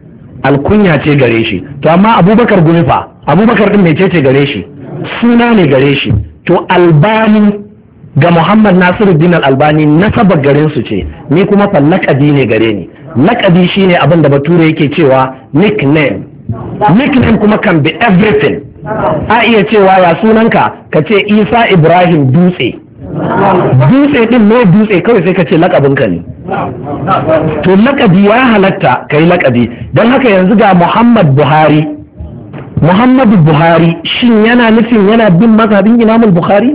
alkunya ce gare shi to amma abubakar gunfa, abubakar din mecece gare shi suna ne gare shi to albani ga muhammad nasiruddin albani nasabar garin su ce ni kuma fa lakabi ne gare ni lakabi shine abin da bature yake cewa nickname nickname kuma can be everything a iya cewa ya sunanka ka ce isa ibrahim dutse dutse din ne dutse kawai sai ka ce lakabinka ne to lakabi ya halatta ka yi lakabi. don haka yanzu ga muhammad buhari muhammadu buhari shin yana nufin yana bin mazhabin imamul buhari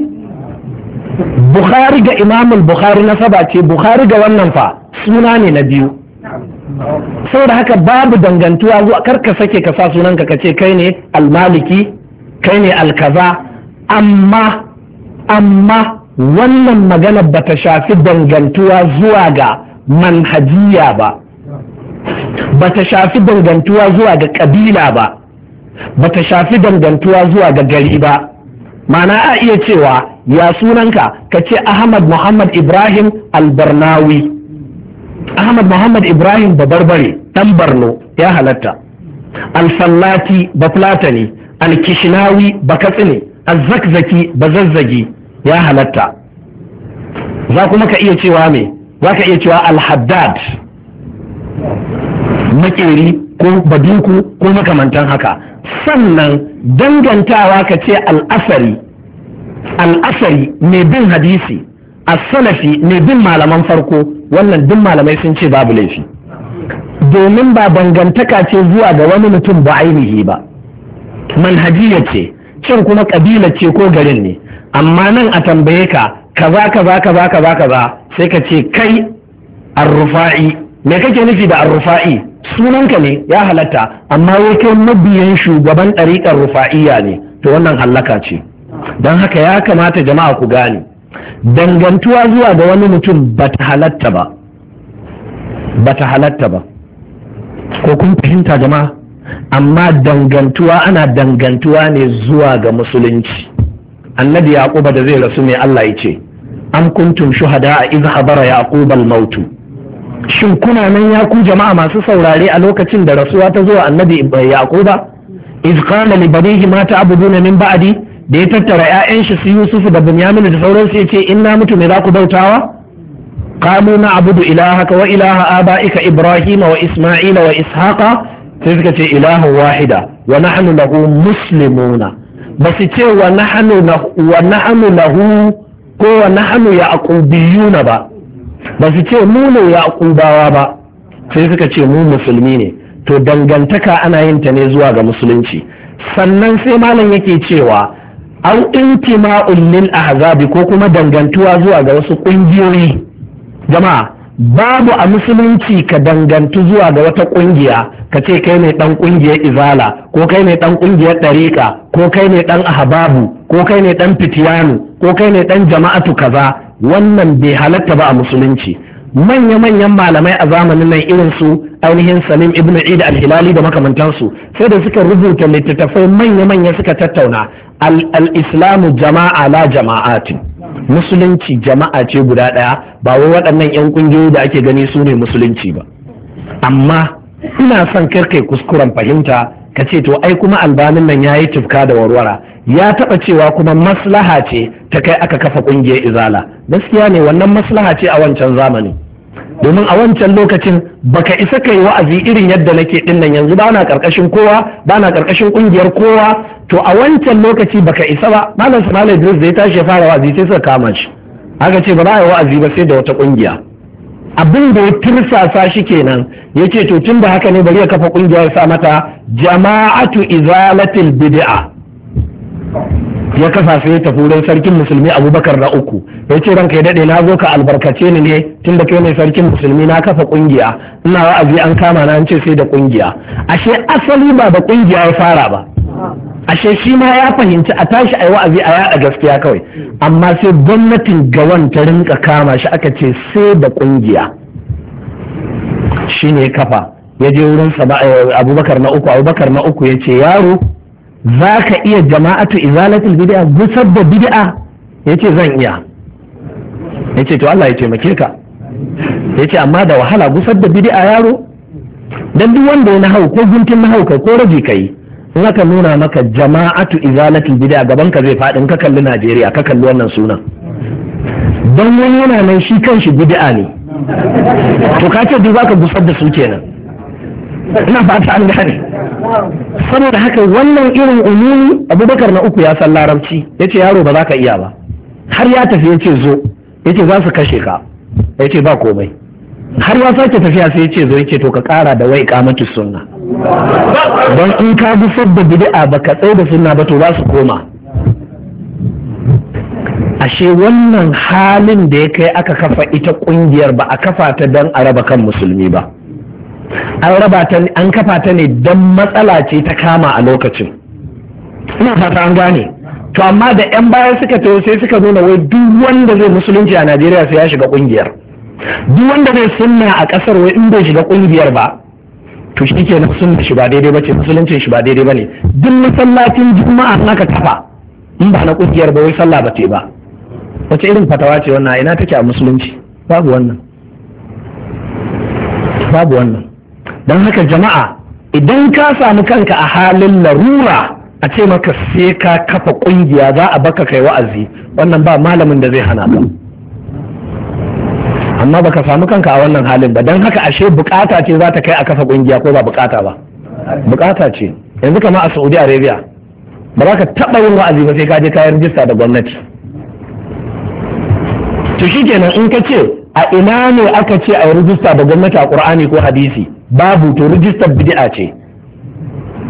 buhari ga imamul buhari nasaba ce buhari ga wannan fa suna ne na biyu saboda haka babu dangantuwa zuwa karka sake ka sa sunanka ka ce kai ne almaliki kai ne alkaza amma amma wannan magana bata shafi dangantuwa zuwa ga manhajiya ba ba ta shafi dangantuwa zuwa ga kabila ba ba ta shafi dangantuwa zuwa ga gari ba mana a iya cewa ya sunanka ka ce ahmad muhammad ibrahim albarnawi ahmad muhammad ibrahim babarbare dan barno ya halatta alfallati bafulatani alkishinawi alzakzaki ba zazzagi ya halatta za kuma ka iya cewa me za ka iya cewa alhaddad makeri ko baduku ko makamantan haka sannan dangantawa ka ce al'asari al'asari mai bin hadisi as-salafi mai bin malaman farko wannan duk malamai sun ce babu laifi domin ba bangantaka ce zuwa ga wani mutum ba ainihi ba manhajiya ce can kuma ƙabila ce ko garin ne amma nan a tambaye ka kaza kaza kaza kaza kaza sai ka ce kai arrufa'i me kake nufi da arrufa'i sunanka ne ya halatta amma ya kai mabiyan shugaban ɗariƙar rufa'iya ne to wannan hallaka ce don haka ya kamata jama'a ku gane dangantuwa zuwa ga wani mutum bata halatta ba bata halatta ba ko kun fahimta jama'a amma dangantuwa ana dangantuwa ne zuwa ga musulunci annabi yaquba da zai rasu mai Allah ya ce an kuntum shuhada a iz habara yaqub al mautu shin kuna nan ya ku jama'a masu saurare a lokacin da rasuwa ta zo annabi yaquba iz qala li banihi ma ta'buduna min ba'di da ya tattara 'ya'yan shi su Yusuf da Bunyamin da sauransu yace in na mutu me za ku bautawa qalu na'budu ilahaka wa ilaha aba'ika Ibrahim wa Isma'ila wa Ishaqa sai suka ce ilahu wahida wa nahnu lahu muslimuna ba su ce wa nahnu lahu ko wa nahnu yaqubiyuna ba ba su ce mu ne ya yaqubawa ba sai suka ce mu musulmi ne to dangantaka ana yin ta ne zuwa ga musulunci sannan sai malam yake cewa an intima'un lil ahzabi ko kuma dangantuwa zuwa ga wasu kungiyoyi jama'a babu a musulunci ka dangantu zuwa ga wata kungiya ka ce kai ne dan kungiyar izala ko kai ne dan kungiyar ɗarika ko kai ne dan ahbabu ko kai ne dan fitiyanu ko kai ne dan jama'atu kaza wannan bai halatta ba a musulunci manya-manyan malamai a zamanin nan irin su ainihin salim ibn id al-hilali da makamantansu sai da suka rubuta littattafai manya-manya suka tattauna al-islamu jama'a la jama'atin musulunci jama'a ce guda ɗaya ba wai waɗannan 'yan ƙungiyoyi da ake gani su ne musulunci ba amma ina son kai kuskuren fahimta ka ce to ai kuma albanin nan ya yi tufka da warwara ya taɓa cewa kuma maslaha ce ta kai aka kafa ƙungiyar izala gaskiya ne wannan maslaha ce a wancan zamani domin a wancan lokacin baka isa kai wa'azi irin yadda nake din nan yanzu bana karkashin kowa bana karkashin kungiyar kowa to a wancan lokaci baka isa ba malam Sama'il Idris da ya tashi ya fara wa'azi sai suka kama shi aka ce ba za a yi wa'azi ba sai da wata kungiya abin da ya tirsasa shi kenan yace to tun da haka ne bari ya kafa kungiyar sa mata jama'atu izalatil bid'a ya kasa sai ya tafi wurin sarkin musulmi abubakar na uku ya ce ranka ya daɗe na zo ka albarkace ni ne tunda kai ne sarkin musulmi na kafa ƙungiya ina wa'azi an kama na an ce sai da ƙungiya ashe asali ba da ƙungiya ya fara ba ashe shi ma ya fahimci a tashi ayi wa'azi a yaɗa gaskiya kawai amma sai gwamnatin gawan ta rinka kama shi aka ce sai da ƙungiya ne kafa ya je wurin eh, abubakar na uku abubakar na uku ya ce yaro za ka iya jama'atu izalatul bid'a gusar da bid'a yace zan iya yace to Allah ya taimake ka yace amma da wahala gusar da bid'a yaro dan duk wanda ya nahau ko guntun nahau kai ko raji kai in aka nuna maka jama'atu izalatul bid'a gaban ka zai faɗin ka kalli Najeriya ka kalli wannan sunan dan wani yana nan shi kanshi bid'a ne to ka ce duk zaka gusar da su kenan ina ba ta an gane saboda haka wannan irin umumi abubakar na uku ya san larabci ya ce yaro ba za ka iya ba har ya tafi ya ce zo ya ce za su kashe ka ya ce ba komai har ya sake tafiya sai ya ce zo ya ce to ka kara da wai kamati sunna don in ka bi sabda bid'a ba ka tsaye da sunna ba to za su koma ashe wannan halin da ya kai aka kafa ita kungiyar ba a kafa ta don a raba kan musulmi ba an raba ta an kafa ta ne don matsala ce ta kama a lokacin ina fata an gane to amma da yan bayan suka taho sai suka nuna wai duk wanda zai musulunci a Najeriya sai ya shiga kungiyar duk wanda zai sunna a kasar wai in bai shiga kungiyar ba to shi ke na sunna shi ba daidai ce musuluncin shi ba daidai ne duk masallacin juma'a na aka kafa in ba na kungiyar ba wai sallah ba ce ba wace irin fatawa ce wannan ina take a musulunci babu wannan babu wannan don haka jama'a idan ka samu kanka a halin larura a ce maka sai ka kafa kungiya za a baka kai wa'azi wannan ba malamin da zai hana ka amma baka samu kanka a wannan halin ba don haka ashe bukata ce za ta kai a kafa kungiya ko ba bukata ba bukata ce yanzu kama a saudi arabia ba za ka taɓa yin wa'azi ba sai ka je kayan rijista da gwamnati to kenan in ka ce a ina ne aka ce a yi rijista da gwamnati a ƙur'ani ko hadisi babu to rijistar bid'a ce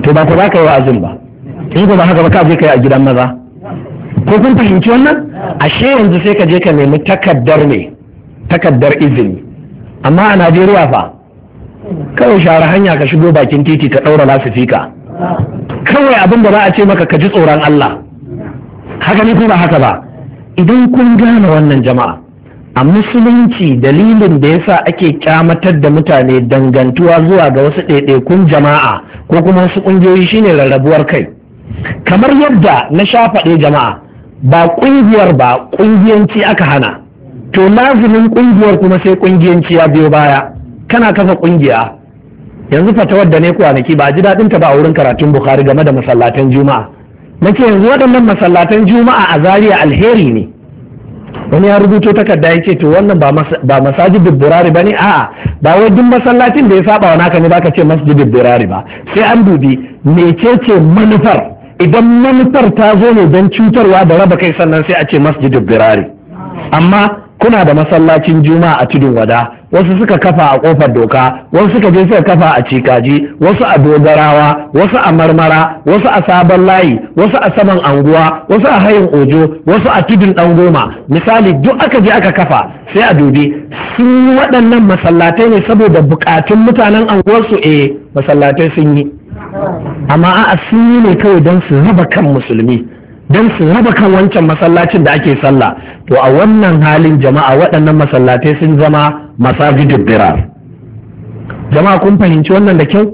to ba ku za ka yi wa'azin ba in ba haka ba ka je ka yi a gidan maza ko kun fahimci wannan ashe yanzu sai ka je ka nemi takardar ne takardar izini amma a najeriya fa kawai share hanya ka shigo bakin titi ka ɗaura lasifika kawai abin da za a ce maka ka ji tsoron allah haka ne ko ba haka ba idan kun gane wannan jama'a a musulunci dalilin da yasa ake kyamatar da mutane dangantuwa zuwa ga wasu ɗaiɗaikun jama'a ko kuma wasu ƙungiyoyi shine rarrabuwar kai kamar yadda na sha faɗe jama'a ba ƙungiyar ba ƙungiyanci aka hana to lazumin ƙungiyar kuma sai ƙungiyanci ya biyo baya kana kafa ƙungiya yanzu fatawar da ne kwanaki ba ji daɗin ta ba a wurin karatun bukari game da masallatan juma'a nake yanzu waɗannan masallatan juma'a a zaria alheri ne wani ya rubuto takarda ya ce to wannan ba masajidul burari ba ne a'a ba wai duk masallacin da ya saba wa naka ne ka ce masjidul burari ba sai an dubi mecece manufar idan manufar ta zo ne don cutarwa da raba kai sannan sai a ce masjidul burari amma kuna da masallacin juma'a a tudun wada wasu suka kafa a ƙofar doka wasu suka je suka kafa a cikaji wasu a dogarawa wasu a marmara wasu a sabon layi wasu a saman anguwa wasu a hayin ojo wasu a tudun dan goma misali duk aka je aka kafa sai a dubi sun yi waɗannan masallatai ne saboda bukatun mutanen unguwarsu, eh masallatai sun yi amma a'a sun yi ne kawai don su raba kan musulmi don su raba kan wancan masallacin da ake sallah to a wannan halin jama'a waɗannan masallatai sun zama masajidu birar jama'a kun fahimci wannan da kyau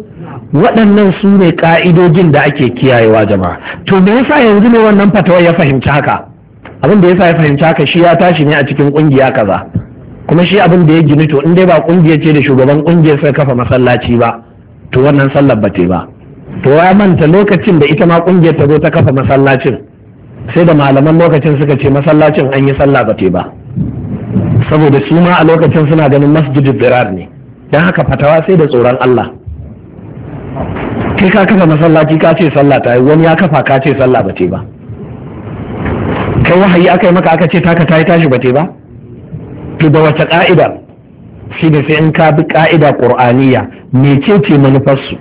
waɗannan su ne ƙa'idojin da ake kiyayewa jama'a to me yasa yanzu ne wannan fatawa ya fahimci haka abin da yasa ya fahimci haka shi ya tashi ne a cikin ƙungiya kaza kuma shi abin da ya gini to in dai ba ƙungiya ce da shugaban ƙungiyar sai kafa masallaci ba to wannan sallar ba ba to ya manta lokacin da ita ma ƙungiyar ta zo ta kafa masallacin sai da malaman lokacin suka ce masallacin an yi sallah ba ba saboda su ma a lokacin suna ganin masjidin birar ne don haka fatawa sai da tsoron Allah kai ka kafa masallaci ka ce sallah ta yi wani ya kafa ka ce sallah ba ba kai wahayi aka yi maka aka ce taka ta yi tashi ba ba to da wace ka'ida shi ne sai in ka bi ka'ida qur'aniya me ce ce manufarsu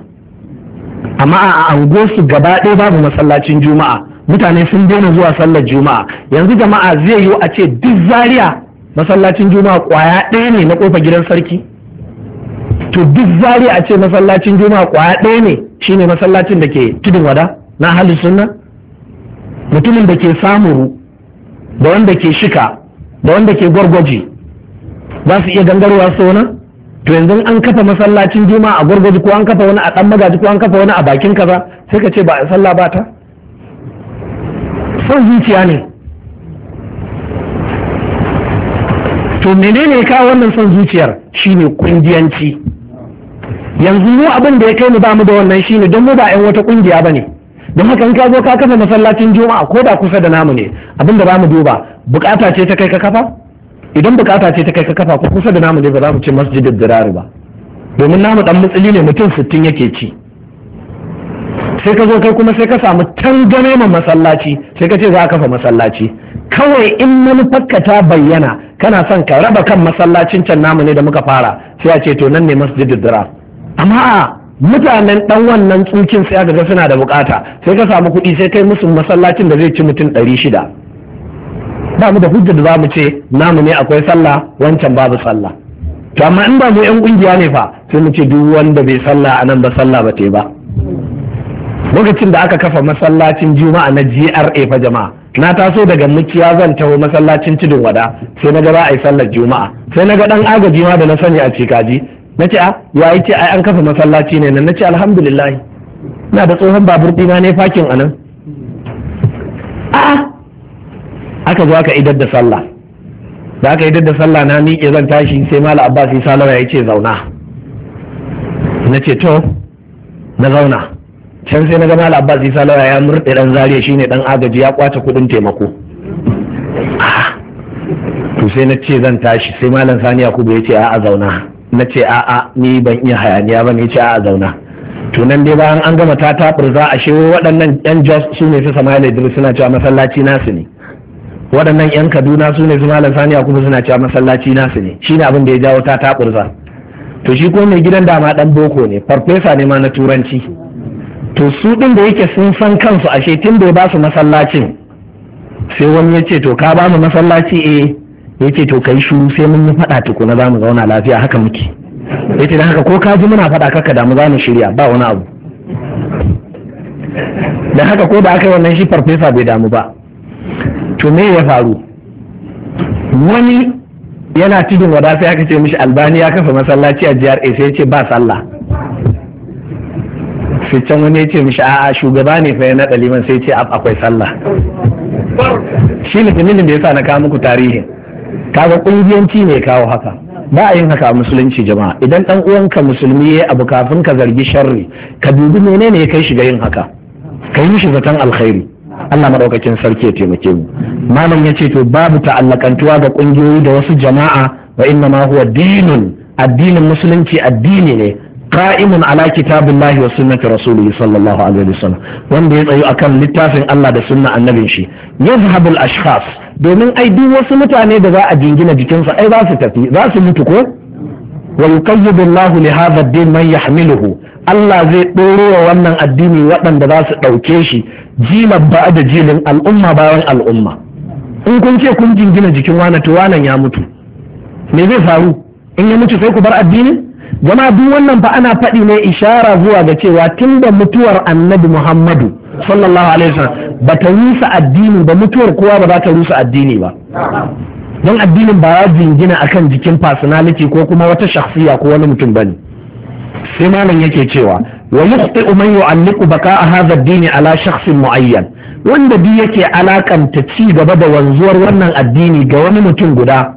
amma a su gaba ɗaya babu masallacin juma'a mutane sun daina zuwa sallar juma'a yanzu jama'a zai yiwu a ce duk zaria masallacin juma'a kwaya ɗaya ne na kofa gidan sarki to duk zaria a ce masallacin juma'a kwaya ɗaya ne shine masallacin da ke tudun wada na halin sunna mutumin da ke samuru da wanda ke shika da wanda ke gwargwaji za su iya gangarowa sona to yanzu an kafa masallacin juma'a a gwargwaji ko an kafa wani a dan magaji ko an kafa wani a bakin kaza sai ka ce ba a sallah ba ta son zuciya ne to menene ya kawo wannan son zuciyar shine kungiyanci yanzu mu abin da ya kai mu ba mu da wannan shine don mu ba 'yan wata kungiya ba ne don haka in ka zo ka kafa masallacin juma'a ko da kusa da namu ne abin da mu duba bukata ce ta kai ka kafa idan bukata ce ta kai ka kafa ko kusa da namu ne ba za mu ce masjidin dirari ba domin namu dan mutsili ne mutum sittin yake ci sai ka zo kai kuma sai ka samu tangame ma masallaci sai ka ce za ka kafa masallaci kawai in manufarka ta bayyana kana son ka raba kan masallacin can namu ne da muka fara sai a ce to nan ne masu dirar amma mutanen dan wannan tsukin sai ga suna da bukata sai ka samu kuɗi sai kai musu masallacin da zai ci mutum ɗari shida ba mu da hujja da za mu ce namu ne akwai sallah wancan babu sallah to amma in ba mu yan kungiya ne fa sai mu ce duk wanda bai sallah anan ba sallah ba ta yi ba lokacin da aka kafa masallacin juma'a na GRA fa jama'a na taso daga mukiya zan taho masallacin tudun wada sai na ga za a yi sallar juma'a sai na ga dan agaji ma da na sani a cikaji na ce a ya yi ce ai an kafa masallaci ne nan na ce alhamdulillah Ina da tsohon babur dina ne fakin anan a aka zo aka idar da sallah da aka idar da sallah na miƙe zan tashi sai mala abbas ya salawa ya ce zauna na ce to na zauna can sai na gama malam abbas isa lawa ya murɗe dan zariya shine dan agaji ya kwace kuɗin taimako ah. to sai na ce zan tashi sai malam sani yakubu ya ce a'a zauna na ce a'a ni ban iya hayaniya ba ne ce a'a zauna to nan dai bayan an gama ta za a shewo waɗannan yan jos su ne su sama'ila idris suna cewa masallaci nasu ne waɗannan yan kaduna su ne su malam sani yakubu suna cewa masallaci nasu ne shine abin da ya jawo ta za to shi ko mai gidan dama dan boko ne farfesa ne ma na turanci to su ɗin da yake sun san kansu a tun bai ba su masallacin sai wani ya ce to ka ba mu masallaci eh ya ce to kai shuru sai mun yi faɗa tukuna za mu zauna lafiya haka muke ya ce da haka ko ka ji muna faɗa kaka damu za mu shirya ba wani abu da haka ko da aka yi wannan shi farfesa bai damu ba to me ya faru wani yana tudun wada sai aka ce mishi albani ya kafa masallaci a jihar sai ya ce ba sallah sai can wani ya ce mishi a'a shugaba ne fa ya naɗa liman sai ce akwai sallah shi ne dalilin da yasa na kawo muku tarihin kaga kungiyanci ne kawo haka ba a yin haka a musulunci jama'a idan dan uwanka musulmi ya abu kafin ka zargi sharri ka dubi menene ya kai shiga yin haka ka yi mishi zaton alkhairi Allah madaukakin sarki ya taimake mu malam ya ce to babu ta'allakantuwa ga kungiyoyi da wasu jama'a wa inna ma huwa dinun addinin musulunci addini ne qa'imun ala kitabillahi wa sunnati rasulih sallallahu alaihi wasallam wanda ya tsayu akan littafin Allah da sunna annabin shi yazhabul ashkhas domin ai wasu mutane da za a jingina jikinsa ai za tafi za su mutu ko wa yuqayyidu Allahu li hadha ad-din man yahmiluhu Allah zai ɗoro wa wannan addinin waɗanda za su ɗauke shi jilar ba da al'umma bayan al'umma in kun ce kun jingina jikin wane to wanan ya mutu me zai faru in ya mutu sai ku bar addinin Zama duk wannan fa ana faɗi ne ishara zuwa ga cewa tun da mutuwar annabi muhammadu sallallahu alaihi wasallam ba ta rusa addini ba mutuwar kowa ba za ta rusa addini ba don addinin ba ya jingina akan jikin personality ko kuma wata shakhsiya ko wani mutum bane sai malam yake cewa wa yukhti man yu'alliqu baqa'a hadha ad-din ala shakhsin mu'ayyan wanda bi yake alakanta ci gaba da wanzuwar wannan addini ga wani mutum guda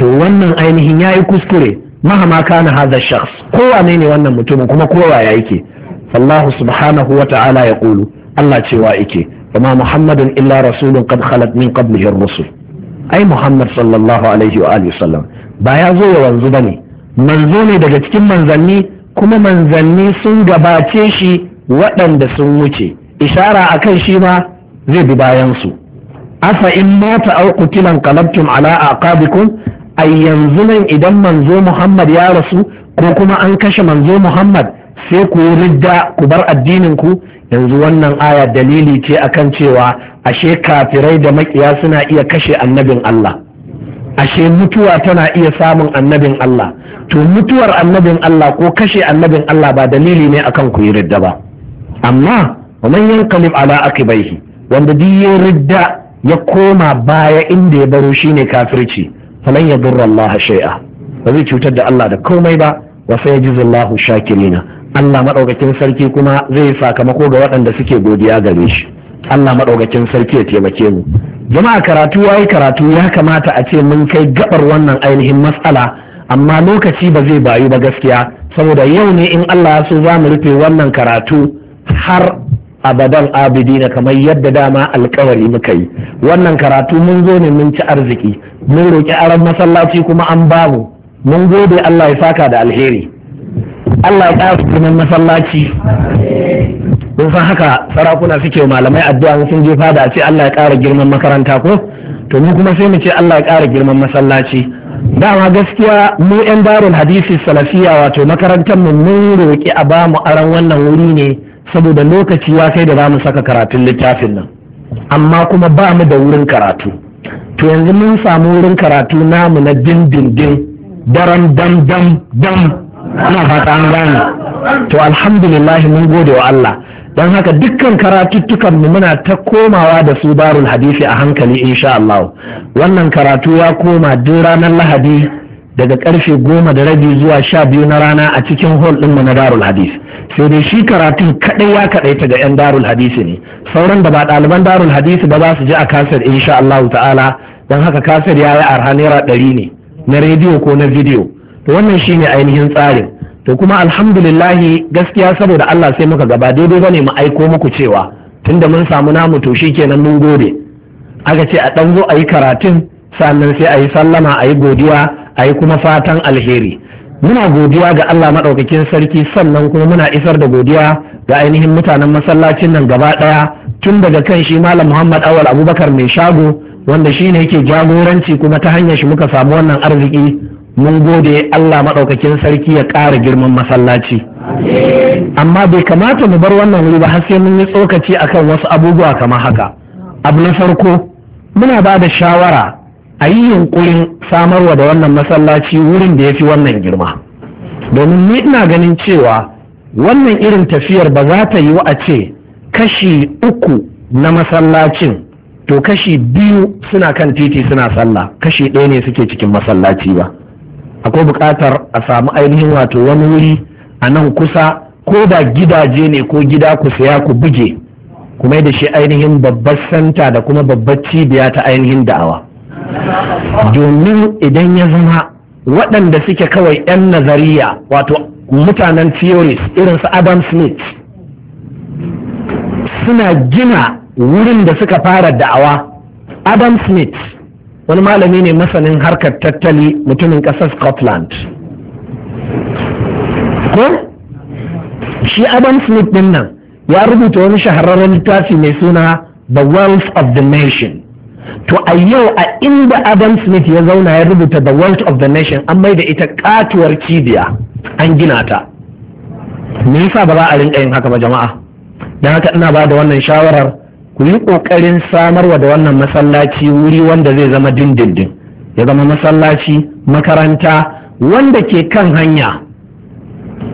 to wannan ainihin yayi kuskure Mahamaka na hadha shakhs kowa ne ne wannan mutumin kuma kowa ya yake Allah subhanahu wa ta'ala ya kulu Allah cewa yake Bama Muhammadun illa rasulun qad khalat min qablihi rusul ai Muhammad sallallahu alaihi wa sallam ba ya zo ya wanzu ba ne. manzo ne daga cikin manzanni kuma manzanni sun gabace shi waɗanda sun wuce ishara akan shi ma zai bi bayan su afa in mata aw qutilan qalabtum ala aqabikum a yanzu nan idan manzo muhammad ya rasu ko kuma an kashe manzo muhammad sai ku ridda ku bar addinin ku yanzu wannan aya dalili ce akan cewa ashe kafirai da makiya suna iya kashe annabin allah ashe mutuwa tana iya samun annabin allah to mutuwar annabin allah ko kashe annabin allah ba dalili ne akan ku yi ridda ba amma ومن ينقلب ala akibaihi wanda duk ya ridda ya koma baya inda ya baro shine kafirci falan yadurra Allah shay'a ba zai cutar da Allah da komai ba wa sayajzi Allahu shakirina Allah madaukakin sarki kuma zai yi sakamako ga waɗanda suke godiya gare shi Allah madaukakin sarki ya taimake mu jama'a karatu yayi karatu ya kamata a ce mun kai gabar wannan ainihin matsala amma lokaci ba zai bayu ba gaskiya saboda yau ne in Allah ya so za mu rufe wannan karatu har abadan abidina kamar yadda dama alkawari muka yi wannan karatu mun zo ne mun ci arziki mun roƙi aron masallaci kuma an babu mun gode Allah ya saka da alheri Allah ya ƙara nan masallaci kun san haka sarakuna suke malamai addu'a sun je fada a ce Allah ya ƙara girman makaranta ko to mu kuma sai mu ce Allah ya ƙara girman masallaci dama gaskiya mu yan darul hadisi salafiya wato makarantar mu mun roƙi a bamu aron wannan wuri ne saboda lokaci ya kai da za mu saka karatun littafin nan amma kuma ba mu da wurin karatu to yanzu mun samu wurin karatu namu na dindindin daren dam dam dam ana fata an gane to alhamdulillah mun gode wa Allah don haka dukkan karatuttukan mu muna ta komawa da su barul hadisi a hankali insha Allah wannan karatu ya koma duk ranar lahadi daga karfe goma da rabi zuwa sha biyu na rana a cikin hol din mu na darul hadisi sai dai shi karatun kadai ya kadai ta ga yan darul hadisi ne sauran da ba ɗaliban darul hadisi ba za su ji a kasar insha Allah ta'ala don haka kasar ya yi arha naira ɗari ne na rediyo ko na bidiyo to wannan shi ne ainihin tsarin to kuma alhamdulillahi gaskiya saboda Allah sai muka gaba daidai bane mu aiko muku cewa tunda mun samu namu to kenan mun gode aka ce a ɗan zo a yi karatun sannan sai a yi sallama a yi godiya a yi kuma fatan alheri muna godiya ga Allah maɗaukakin sarki sannan kuma muna isar da godiya ga ainihin mutanen masallacin nan gaba ɗaya tun daga kan shi malam Muhammad Awal Abubakar mai shago wanda shine yake jagoranci kuma ta hanyar shi muka samu wannan arziki mun gode Allah maɗaukakin sarki ya ƙara girman masallaci amma bai kamata mu bar wannan wuri ba har sai mun yi tsokaci akan wasu abubuwa kamar haka abu na farko muna ba da shawara a yi yunkurin samarwa da wannan masallaci wurin da ya fi wannan girma domin ni ina ganin cewa wannan irin tafiyar ba za ta yi wa a ce kashi uku na masallacin to kashi biyu suna kan titi suna sallah kashi ɗaya ne suke cikin masallaci ba akwai buƙatar a samu ainihin wato wani wuri a nan kusa ko da gidaje ne ko gida ku saya ku buge kuma da shi ainihin babbar santa da kuma babbar cibiya ta ainihin da'awa domin idan ya zama waɗanda suke kawai 'yan nazariya wato mutanen theories irin su adam smith suna gina wurin da suka fara da'awa adam smith wani malami ne masanin harkar tattali mutumin ƙasar scotland ko shi adam smith din nan ya rubuta wani shahararren littafi mai suna the wealth of the nation to a yau a inda adam smith ya zauna ya rubuta the wealth of the nation an mai da ita katuwar cibiya an gina ta me yasa ba za a rinka yin haka ba jama'a don haka ina ba da wannan shawarar ku yi ƙoƙarin samarwa da wannan masallaci wuri wanda zai zama dindindin ya zama masallaci makaranta wanda ke kan hanya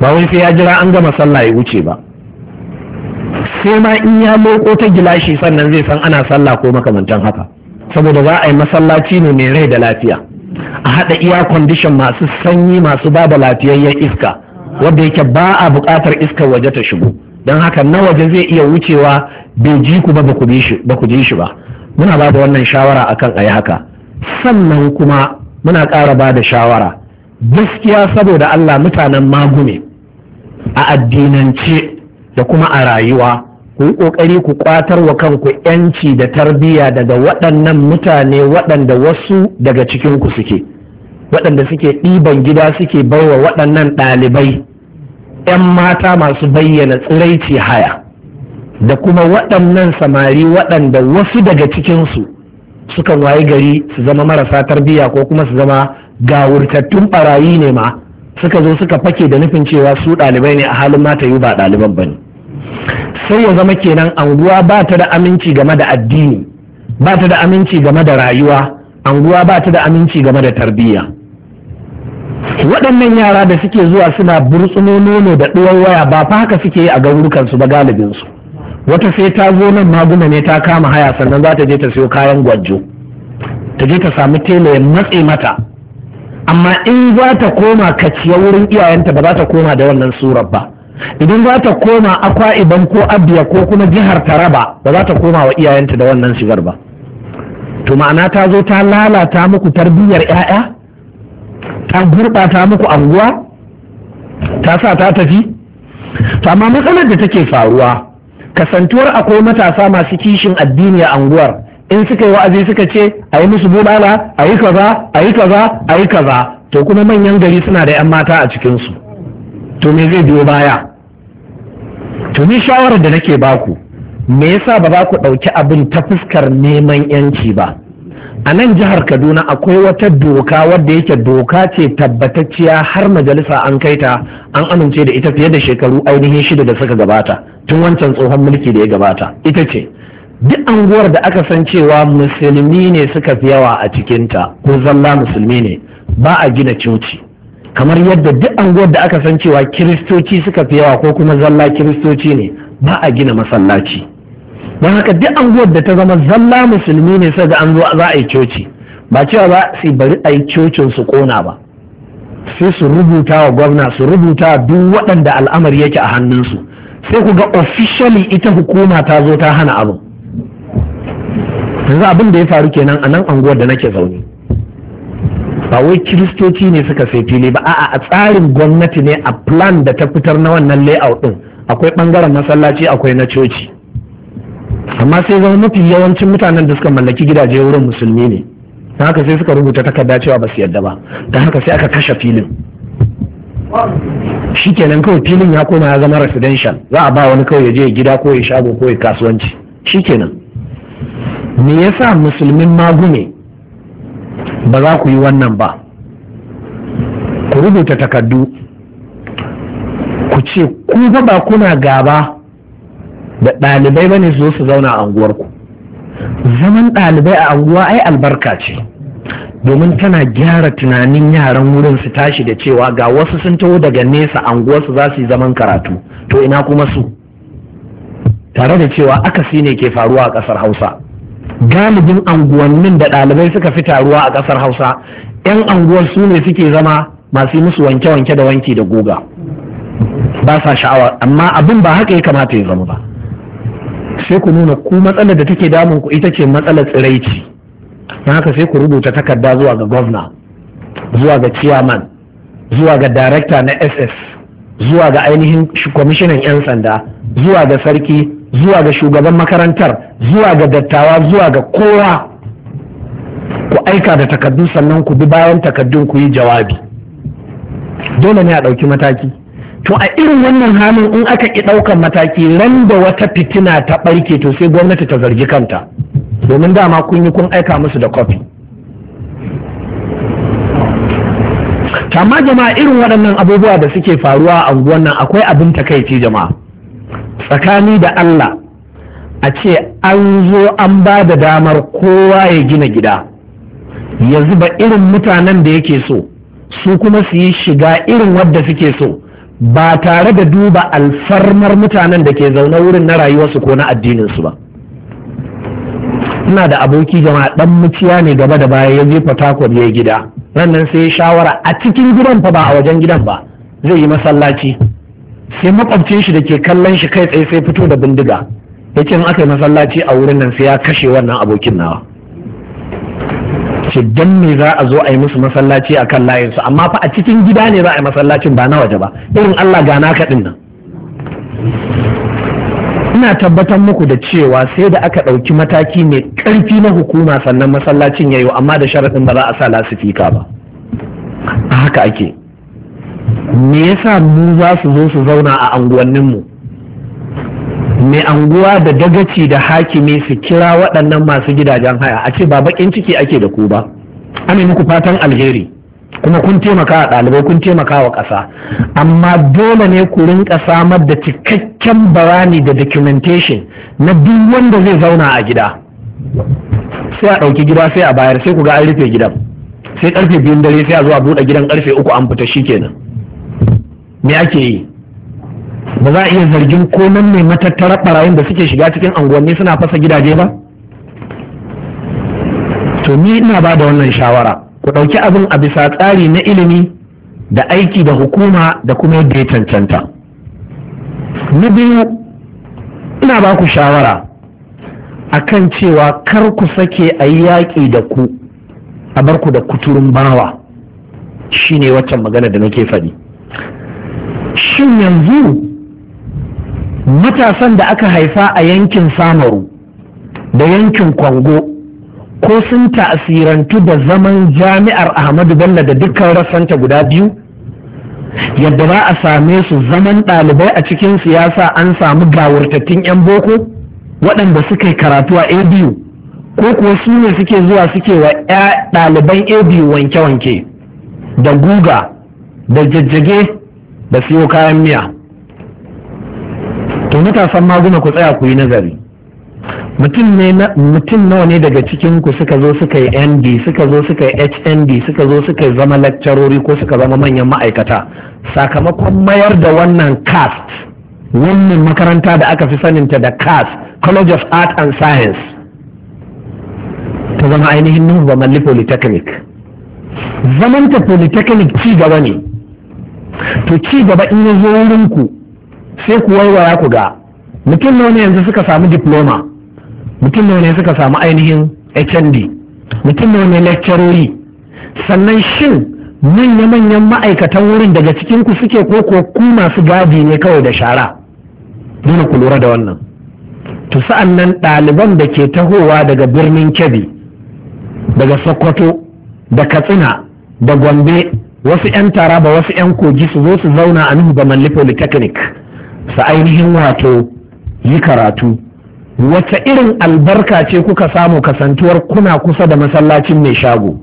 ba wai sai ya jira an gama sallah ya wuce ba sai ma in ya loko ta gilashi sannan zai san ana sallah ko makamantan haka saboda za a yi masallaci ne mai rai da lafiya a haɗa iya kwandishan masu sanyi masu ba da lafiyayyen iska wadda yake ba a buƙatar iskar waje ta shigo don haka na waje zai iya wucewa bai ji ku ba ba ku ji shi ba muna ba da wannan shawara akan a yi haka sannan kuma muna ƙara ba da shawara gaskiya saboda Allah mutanen magume a addinance da kuma a rayuwa ku yi ƙoƙari ku ƙwatar wa kanku yanci da tarbiyya daga waɗannan mutane waɗanda wasu daga cikinku suke waɗanda suke ɗiban gida suke baiwa waɗannan ɗalibai 'yan mata masu bayyana tsiraici haya da kuma waɗannan samari waɗanda wasu daga cikinsu sukan wayi gari su zama marasa tarbiyya ko kuma su zama gawurtattun ɓarayi ne ma suka zo suka fake da nufin cewa su ɗalibai ne a halin mata yi ba ɗaliban ba ne sai ya zama kenan anguwa ba ta da aminci game da addini ba ta da aminci game da rayuwa anguwa ba ta da aminci game da tarbiyya waɗannan yara da suke zuwa suna burtsuno nono da ɗuwar waya ba fa haka suke yi a gaurukansu ba galibinsu wata sai ta zo nan maguna ne ta kama haya sannan za ta je ta siyo kayan gwanjo ta je ta samu tela ya matse mata amma in za ta koma kaciya wurin iyayenta ba za ta koma da wannan surar ba idan za ta koma akwa iban ko abiya ko kuma jihar taraba ba za ta koma wa iyayenta da wannan shigar ba to ma'ana ta zo ta lalata muku tarbiyyar 'ya'ya ta gurɓata muku anguwa ta sa ta tafi to amma matsalar da take faruwa kasantuwar akwai matasa masu kishin addini a anguwar in suka yi wa'azi suka ce a yi musu budala a yi kaza a yi kaza a yi kaza to kuma manyan gari suna da 'yan mata a cikinsu to me zai biyo baya to ni shawarar da nake baku me yasa ba za ku ɗauki abin ta fuskar neman yanci ba a nan jihar kaduna akwai wata doka wadda yake doka ce tabbatacciya har majalisa an kai ta an amince da ita fiye da shekaru ainihin shida da suka gabata tun wancan tsohon mulki da ya gabata ita ce duk anguwar da aka san cewa musulmi ne suka fi yawa a cikinta ko zalla musulmi ne ba a gina coci kamar yadda duk anguwar da aka san cewa kiristoci suka fi yawa ko kuma zalla kiristoci ne ba a gina masallaci don haka duk anguwar da ta zama zalla musulmi ne sai da an zo za a yi coci ba cewa ba su bari a yi cocin su kona ba sai su rubuta wa gwamna su rubuta duk waɗanda al'amari yake a hannunsu sai ku ga officially ita hukuma ta zo ta hana abu yanzu abin da ya faru kenan a nan anguwar da nake zaune ba wai kiristoci ne suka sai fili ba a'a a tsarin gwamnati ne a plan da ta fitar na wannan layout din akwai bangaren masallaci akwai na coci amma sai zama mafi yawancin mutanen da suka mallaki gidaje wurin musulmi ne ta haka sai suka rubuta takarda cewa ba su yadda ba ta haka sai aka kashe filin shikenan kawai filin ya koma ya zama residential za a ba wani kawai ya je gida ko ya shago ko ya kasuwanci shi kenan me yasa musulmin magume ba za ku yi wannan ba ku rubuta takardu ku ce ku ba ba kuna gaba da ɗalibai ba ne su zo su zauna a anguwarku zaman ɗalibai a anguwa ai albarka ce domin tana gyara tunanin yaran wurin su tashi da cewa ga wasu sun taho daga nesa anguwarsu za su yi zaman karatu to ina kuma su tare da cewa akasi ne ke faruwa a ƙasar hausa galibin anguwannin da ɗalibai suka fi taruwa a kasar hausa 'yan anguwar su ne suke zama masu musu wanke-wanke da wanki da goga ba sa sha'awa amma abin ba haka ya kamata ya zama ba sai ku nuna ku matsalar da take damun ku ita ce matsalar tsiraici na haka sai ku rubuta takarda zuwa ga gwamna zuwa ga chairman zuwa ga darakta na ss zuwa ga ainihin kwamishinan 'yan sanda zuwa ga sarki zuwa ga shugaban makarantar zuwa ga dattawa zuwa ga kowa ku aika da takardu sannan ku bi bayan takardun ku yi jawabi dole ne a ɗauki mataki to a irin wannan halin in aka ki ɗaukan mataki ran da wata fitina ta ɓarke to sai gwamnati ta zargi kanta domin dama kun yi kun aika musu da kofi amma jama'a irin waɗannan abubuwa da suke faruwa a unguwan nan akwai abin takaici jama'a tsakani da Allah a ce an zo an ba da damar kowa ya gina gida ya zuba irin mutanen da yake so su kuma su yi shiga irin wadda suke so ba tare da duba alfarmar mutanen da ke zaune wurin na rayuwarsu ko na addininsu ba suna da aboki jama'a dan muciya ne gaba da baya ya je fatakwar ya gida nan sai ya shawara a cikin gidan fa ba a wajen gidan ba zai yi masallaci sai makwabcin shi da ke kallon shi kai tsaye sai fito da bindiga ya ce aka yi masallaci a wurin nan sai ya kashe wannan abokin nawa dan za a zo a yi musu masallaci a kan layinsu amma fa a cikin gida ne za a yi masallacin ba na waje ba irin allah gana kaɗin nan ina tabbatar muku da cewa sai da aka ɗauki mataki mai ƙarfi na hukuma sannan masallacin yayo amma da sharaɗin ba za a sa lasifika ba a haka ake me yasa mu za su zo su zauna a anguwanninmu mai anguwa da dagaci da hakimi su kira waɗannan masu gidajen haya a ce ba bakin ciki ake da ku ba ame muku fatan alheri kuma kun taimaka wa ɗalibai kun taimaka wa ƙasa amma dole ne ku rinka samar da cikakken bayani da documentation na duk wanda zai zauna a gida sai a ɗauki gida sai a bayar sai ku ga an rufe gidan sai karfe biyun dare sai a zuwa buɗe gidan karfe uku an fita shi kenan me ake yi ba za a iya zargin ko nan ne matattarar barayin da suke shiga cikin anguwanni suna fasa gidaje ba to ni ina ba da wannan shawara ku ɗauki abin a bisa tsari na ilimi da aiki da hukuma da kuma yadda ya cancanta na biyu ina ba ku shawara akan cewa kar ku sake a yi yaƙi da ku a bar ku da kuturin bawa shine waccan magana da nake faɗi shin yanzu matasan da aka haifa a yankin samaru da yankin kwango ko sun ta'asirantu da zaman jami'ar ahmadu bello da dukkan rasanta guda biyu yadda za a same su zaman ɗalibai a cikin siyasa an samu gawurtattun 'yan boko waɗanda suka yi karatu a abu ko kuwa su ne suke zuwa suke wa ɗaliban abu wanke-wanke da guga da jajjage da siyo kayan miya to matasan maguna ku tsaya ku yi nazari mutum nawa ne daga cikin ku suka zo suka yi md suka zo suka yi hnd suka zo suka yi zama lakcarori ko suka zama manyan ma'aikata sakamakon mayar da wannan cast wannan makaranta da aka fi saninta da cast college of art and science ta zama ainihin nuhu ba malli polytechnic zamanta polytechnic ci gaba ne to ci gaba in ya zo wurinku sai ku waiwaya ku ga mutum nawa ne yanzu suka samu diploma mutum ne ne suka samu ainihin hnd mutum ne ne lecturori sannan shin manya-manyan ma'aikatan wurin daga cikin ku suke ko ku masu gadi ne kawai da shara dole ku lura da wannan to sa'an nan ɗaliban da ke tahowa daga birnin kebbi daga sokoto da katsina da gombe wasu 'yan tara taraba wasu 'yan kogi su zo su zauna a nuhu ba manli polytechnic su ainihin wato yi karatu wace irin albarka ce kuka samu kasantuwar kuna kusa da masallacin mai shago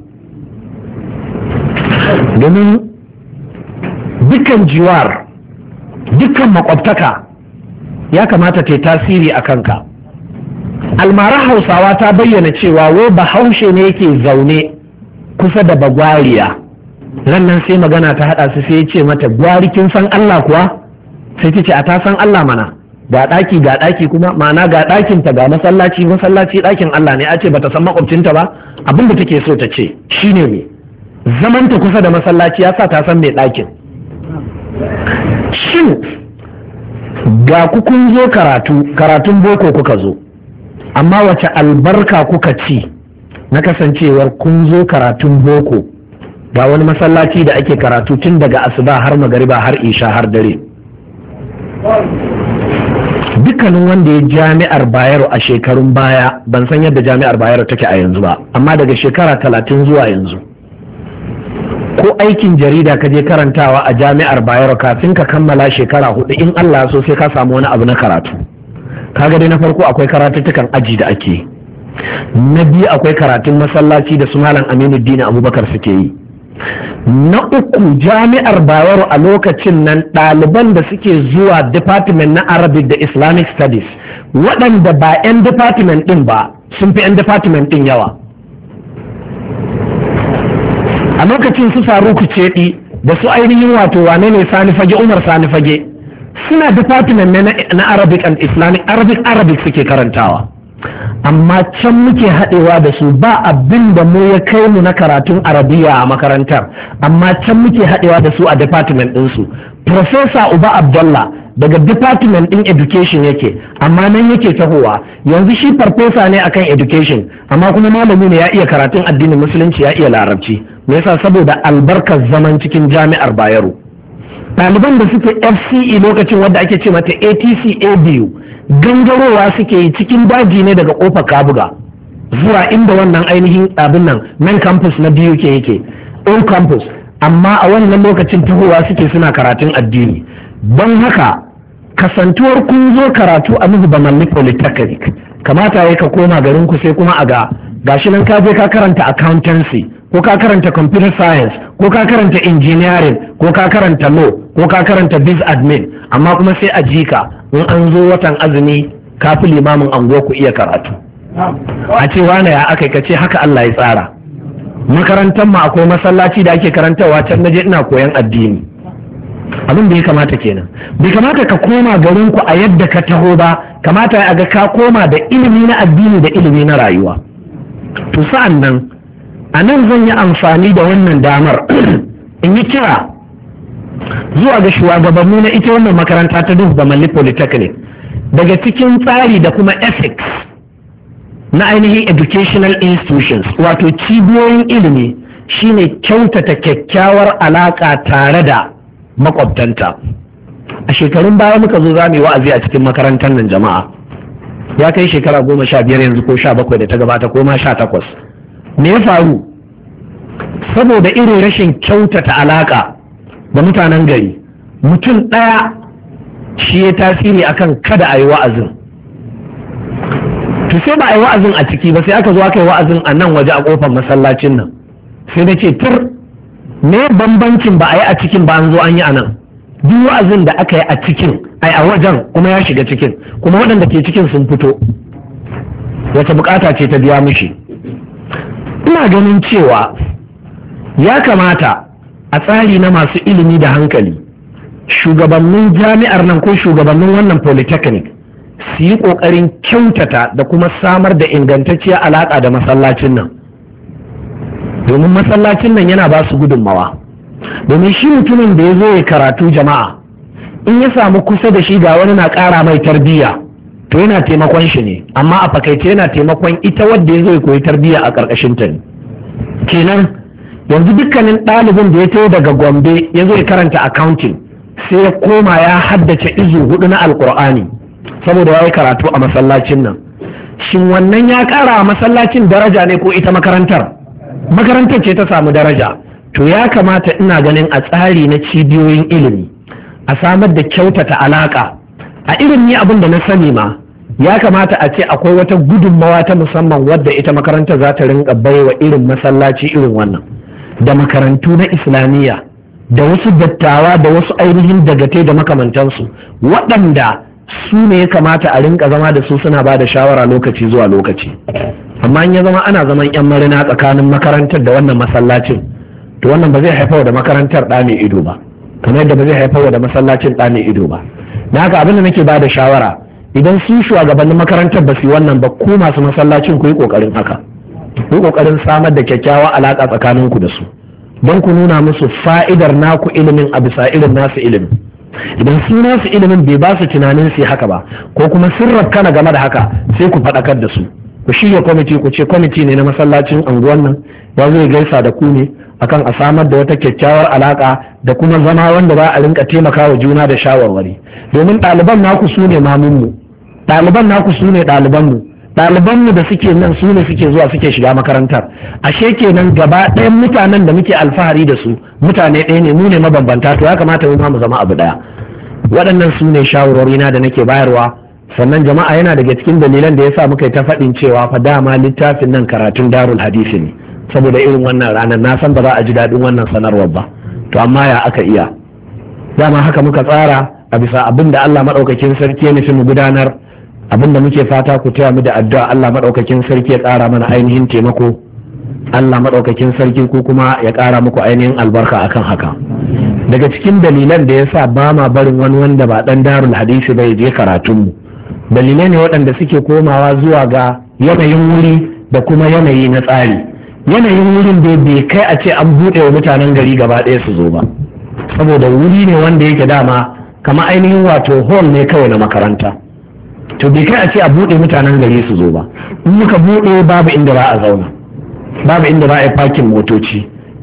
domin dukkan jiwar dukkan makwabtaka ya kamata ta tasiri a kanka almara hausawa ta bayyana cewa wai bahaushe ne yake zaune kusa da bagwariya rannan sai magana ta haɗa su sai ya ce mata gwari kin san allah kuwa sai ta ce a ta san allah mana ga ɗaki ga ɗaki kuma ma'ana ga ɗakinta ga masallaci masallaci ɗakin Allah ne a ce bata san makwabcinta ba abin da take so ta ce shine me zaman ta kusa da masallaci ya sa ta san mai ɗakin shin ga ku kun zo karatu karatun boko kuka zo amma wace albarka kuka ci na kasancewar kun zo karatun boko ga wani masallaci da ake karatu tun daga asuba har magariba har isha har dare dukkanin wanda ya jami'ar bayero a shekarun baya ban san yadda jami'ar bayero take a yanzu ba amma daga shekara talatin zuwa yanzu ko aikin jarida ka je karantawa a jami'ar bayero kafin ka kammala shekara hudu in allah so sai ka samu wani abu na karatu kaga dai na farko akwai karatuttukan aji da ake na biyu akwai karatun masallaci da su malam aminu dina abubakar suke yi na uku jami'ar bayero a lokacin nan ɗaliban da suke zuwa department na arabic da islamic studies waɗanda ba 'yan department ɗin ba sun fi 'yan department ɗin yawa a lokacin su ku ceɗi da su ainihin wato wane ne sani fage umar sani fage suna department na arabic and islamic arabic arabic suke karantawa amma can muke haɗewa da su ba abin da mu ya kai mu na karatun arabiya a makarantar amma can muke haɗewa da su a department ɗinsu Profesa uba abdullah daga department ɗin education yake amma nan yake tahowa yanzu shi farfesa ne akan education amma kuma malami ne ya iya karatun addinin musulunci ya iya larabci me yasa saboda albarkar zaman cikin jami'ar bayero ɗaliban da suke fce lokacin wadda ake ce mata atc abu gangarowa suke yi cikin daji ne daga kofar kabuga zuwa inda wannan ainihin abin nan nan campus na biyu ke yake on campus amma a wannan lokacin tuhowa suke suna karatun addini don haka kasantuwar kun zo karatu a muzu bamalli polytechnic kamata ya ka koma garin ku sai kuma a ga gashi nan ka je ka karanta accountancy ko ka karanta computer science ko ka karanta engineering ko ka karanta law ko ka karanta biz admin amma kuma sai a jika in an zo watan azumi kafi limamin anguwa ku iya karatu a ce wane ya aka ka ce haka Allah ya tsara makarantar ma akwai masallaci da ake karantawa can naje ina koyan addini abin da ya kamata kenan bai kamata ka koma garin ku a yadda ka taho ba kamata a ga ka koma da ilimi na addini da ilimi na rayuwa to sa'an nan a nan zan yi amfani da wannan damar in yi kira zuwa ga shugabanni na ita wannan makaranta ta duk da malli polytechnic daga cikin tsari da kuma ethics na ainihin educational institutions wato cibiyoyin ilimi shine kyautata kyakkyawar alaka tare da makwabtanta a shekarun baya muka zo za mu yi wa'azi a cikin makarantar nan jama'a ya kai shekara goma sha biyar yanzu ko sha bakwai da ta gabata ko ma sha takwas me ya faru saboda irin rashin kyautata alaka da mutanen gari mutum ɗaya shi ya tasiri akan kada a yi wa'azin to sai ba a yi wa'azin a ciki ba sai aka zo aka yi wa'azin a nan waje a kofar masallacin nan sai na ce tur me bambancin ba a yi a cikin ba an zo an yi a nan duk wa'azin da aka yi a cikin a wajen kuma ya shiga cikin kuma waɗanda ke cikin sun fito wata bukata ce ta biya mushi ina ganin cewa ya kamata a tsari na masu ilimi da hankali shugabannin jami'ar nan ko shugabannin wannan polytechnic su yi ƙoƙarin kyautata da kuma samar da ingantacciyar alaƙa da masallacin nan domin masallacin nan yana ba su gudunmawa domin shi mutumin da ya zo ya karatu jama'a in ya samu kusa da shi ga wani na ƙara mai tarbiyya to yana taimakon shi ne amma a fakaice yana taimakon ita wadda ya zo koyi tarbiyya a ƙarƙashin ta ne kenan yanzu dukkanin ɗalibin da ya taho daga gombe ya zo ya karanta accounting sai ya koma ya haddace izu hudu na alkur'ani saboda ya karatu a masallacin nan shin wannan ya ƙara a masallacin daraja ne ko ita makarantar makarantar ce ta samu daraja to ya kamata ina ganin a tsari na cibiyoyin ilimi a samar da kyautata alaƙa a irin ni abin da na sani ma ya kamata a ce akwai wata gudunmawa ta musamman wadda ita makaranta za ta rinka baiwa irin masallaci irin wannan da makarantu na islamiyya da wasu dattawa da wasu ainihin dagate da makamantansu waɗanda su ne ya kamata a rinka zama da su suna ba da shawara lokaci zuwa lokaci amma in ya zama ana zaman yan marina tsakanin makarantar da wannan masallacin to wannan ba zai haifar da makarantar ɗa mai ido ba kamar yadda ba zai haifar da masallacin ɗa mai ido ba na haka abin da nake ba da shawara idan su shugabannin makarantar ba su yi wannan ba ku masu masallacin ku yi kokarin haka ku kokarin samar da kyakkyawar alaka tsakanin ku da su don ku nuna musu fa'idar naku ilimin a bisa irin nasu ilimin idan su nasu ilimin bai ba su tunanin su haka ba ko kuma sirrar kana game da haka sai ku faɗakar da su ku shirya kwamiti ku ce kwamiti ne na masallacin anguwan nan ba zai gaisa da ku ne akan a samar da wata kyakkyawar alaka da kuma zama wanda za a rinka taimaka wa juna da shawarwari domin ɗaliban naku su ne mamunmu ɗaliban naku su ne ɗalibanmu ɗalibanmu da suke nan su ne suke zuwa suke shiga makarantar ashe kenan gaba ɗayan mutanen da muke alfahari da su mutane ɗaya ne mu ne mabambanta to ya kamata mu ma mu zama abu ɗaya waɗannan su ne shawarwari na da nake bayarwa sannan jama'a yana daga cikin dalilan da ya sa muka yi ta faɗin cewa fa dama littafin nan karatun darul hadisi ne saboda irin wannan ranar na san ba za a ji daɗin wannan sanarwar ba to amma ya aka iya dama haka muka tsara a bisa abin da Allah maɗaukakin sarki ya nufi mu gudanar Abin da muke fata ku taya mu da addu'a Allah madaukakin sarki ya ƙara mana ainihin taimako Allah madaukakin sarki ko kuma ya ƙara muku ainihin albarka akan haka daga cikin dalilan da yasa ba ma barin wani wanda ba dan darul hadisi ba ya je karatun mu dalilai ne waɗanda suke komawa zuwa ga yanayin wuri da kuma yanayi na tsari yanayin wurin da bai kai a ce an buɗe wa mutanen gari gaba ɗaya su zo ba saboda wuri ne wanda yake dama kama ainihin wato hall ne kawai na makaranta to bai kai a ce a buɗe mutanen gari su zo ba in muka buɗe babu inda za a zauna babu inda za a yi fakin motoci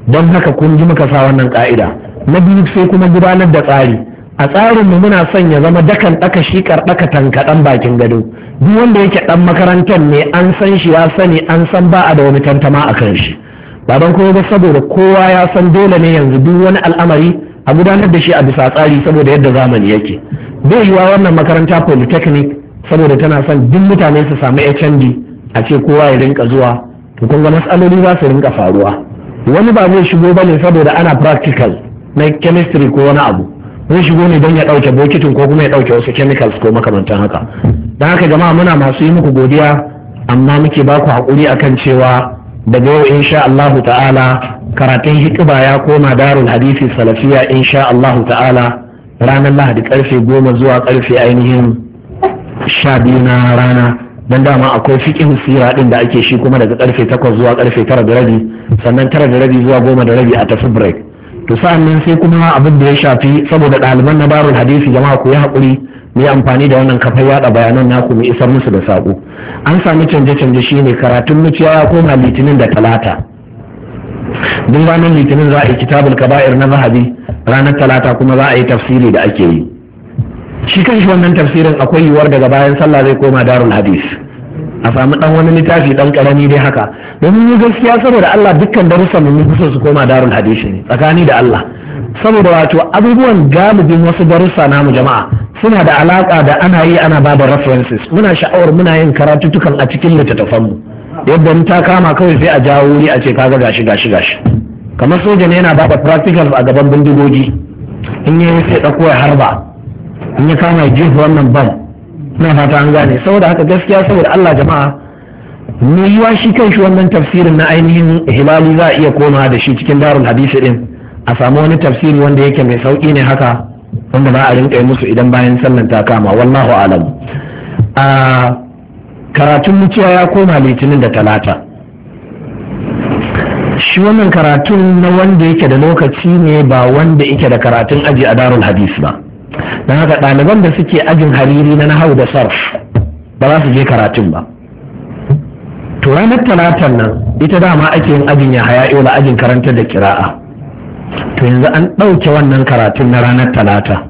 don haka kun ji muka sa wannan ka'ida na biyu sai kuma gudanar da tsari a tsarin mu muna son ya zama dakan ɗaka shikar ɗaka tankaɗan bakin gado duk wanda yake ɗan makarantar ne an san shi ya sani an san ba a da wani tantama a kan shi ba don kuma ba saboda kowa ya san dole ne yanzu duk wani al'amari a gudanar da shi a bisa tsari saboda yadda zamani yake bai yiwa wannan makaranta polytechnic saboda tana son duk mutane su samu HMD a ce kowa ya rinka zuwa to kun ga matsaloli za su rinka faruwa wani ba zai shigo bane saboda ana practical na chemistry ko wani abu zai shigo ne don ya ɗauke bokitin ko kuma ya ɗauke wasu chemicals ko makamantan haka don haka jama'a muna masu yi muku godiya amma muke ba ku hakuri akan cewa daga yau insha Allah ta'ala karatun hikiba ya koma darul hadisi salafiya insha Allah ta'ala ranar lahadi karfe goma zuwa karfe ainihin sha biyu na rana don dama akwai fiƙin sira ɗin da ake shi kuma daga karfe takwas zuwa karfe tara da rabi sannan tara da rabi zuwa goma da rabi a tafi break to sa'an sai kuma abin da ya shafi saboda ɗaliban na barul hadisi jama'a ku yi hakuri. mu yi amfani da wannan kafar yada bayanan naku mu isar musu da saƙo an sami canje-canje shine karatun muciya ya koma litinin da talata duk ranar litinin za a yi kitabul kaba'ir na zahabi ranar talata kuma za a yi tafsiri da ake yi shi kan shi wannan tafsirin akwai yiwuwar daga bayan sallah zai koma darul hadis a samu dan wani littafi dan karami dai haka domin ni gaskiya saboda Allah dukkan darussan mu kusa su koma darul hadisi ne tsakani da Allah saboda wato abubuwan galibin wasu darussa namu jama'a suna da alaka da ana yi ana babu da references muna sha'awar muna yin karatutukan a cikin littattafan mu yadda ni ta kama kawai sai a jawo wuri a ce kaga gashi gashi gashi kamar soja ne yana ba da practicals a gaban bindigogi in yayin sai ɗauko harba in ya kama jefa wannan ban na fata an gane saboda haka gaskiya saboda Allah jama'a mu yi shi kan shi wannan tafsirin na ainihin hilali za a iya koma da shi cikin darul hadisi din a samu wani tafsiri wanda yake mai sauki ne haka wanda za a rinka yi musu idan bayan sallan ta kama wallahu alam a karatun mutuwa ya koma litinin da talata shi wannan karatun na wanda yake da lokaci ne ba wanda yake da karatun aji a darul hadis ba don haka ɗaliban da suke ajin hariri na nahau da sarf ba za su je karatun ba to ranar talatan nan ita dama ake yin ajin ya haya da ajin karanta da kira'a to yanzu an ɗauke wannan karatun na ranar talata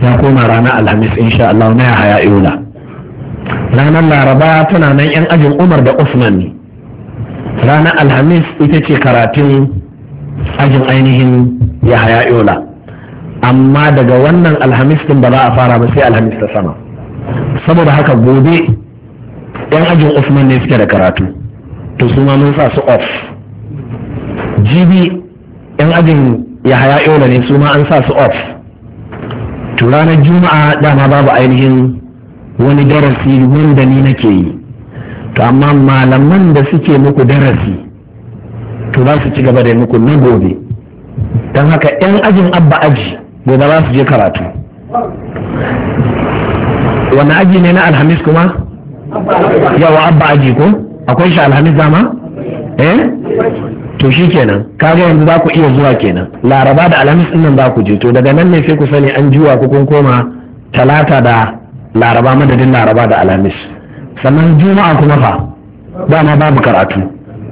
ya koma ranar alhamis insha Allah na ya haya iola ranar laraba tana nan yan ajin umar da usman ne ranar alhamis ita ce karatun ajin ainihin ya haya iola amma daga wannan alhamis din ba za a fara ba sai alhamis ta sama saboda haka gobe yan ajin usman ne suke da karatu to su ma mun sa su off jibi yan ajin yahaya yola ne su ma an sa su off to ranar juma'a dama babu ainihin wani darasi wanda ni nake yi to amma malaman da suke muku darasi to za su ci gaba da muku na gobe don haka yan ajin abba aji gobe za su je karatu wani aji ne na alhamis kuma yawa abba aji ko akwai shi alhamis dama eh to shi kenan kaga yanzu za ku iya zuwa kenan laraba da alhamis din nan za ku je to daga nan ne sai ku sani an jiwa ku kun koma talata da laraba madadin laraba da alhamis sannan juma'a kuma fa dama babu karatu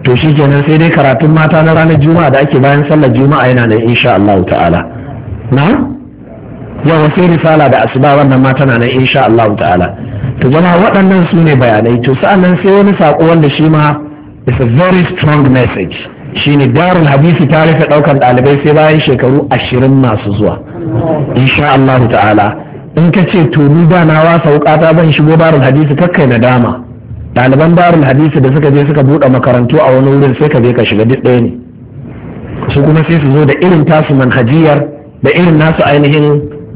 to shi kenan sai dai karatun mata na ranar juma'a da ake bayan sallar juma'a yana nan insha Allah ta'ala na yawa sai risala da asuba wannan ma tana nan insha Allah ta'ala to jama'a waɗannan su ne bayanai to sa'annan sai wani saƙo wanda shi ma is a very strong message shine darul hadisi ta rufe ɗaukar ɗalibai sai bayan shekaru ashirin masu zuwa insha Allah ta'ala in ka ce to ni ba na wasa wukata ban shigo darul hadisi kakkai na dama ɗaliban darul hadisi da suka je suka buɗe makarantu a wani wurin sai ka je ka shiga duk ɗaya ne su kuma sai su zo da irin tasu manhajiyar da irin nasu ainihin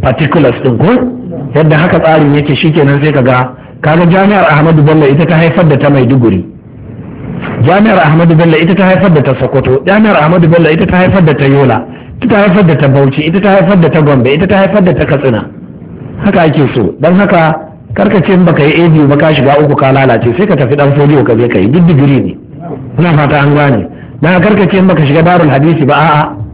particulars din ko yadda haka tsarin yake shikenan sai kaga kaga jami'ar Ahmadu Bello ita ta haifar da ta Maiduguri jami'ar Ahmadu Bello ita ta haifar da ta Sokoto jami'ar Ahmadu Bello ita ta haifar da ta Yola ita ta haifar da ta Bauchi ita ta haifar da ta Gombe ita ta haifar da ta Katsina haka ake so dan haka karkace in baka yi ad ba ka shiga uku ka lalace sai ka tafi dan folio ka je ka yi duk digiri ne ina fata an gane dan karkace in baka shiga darul hadisi ba a'a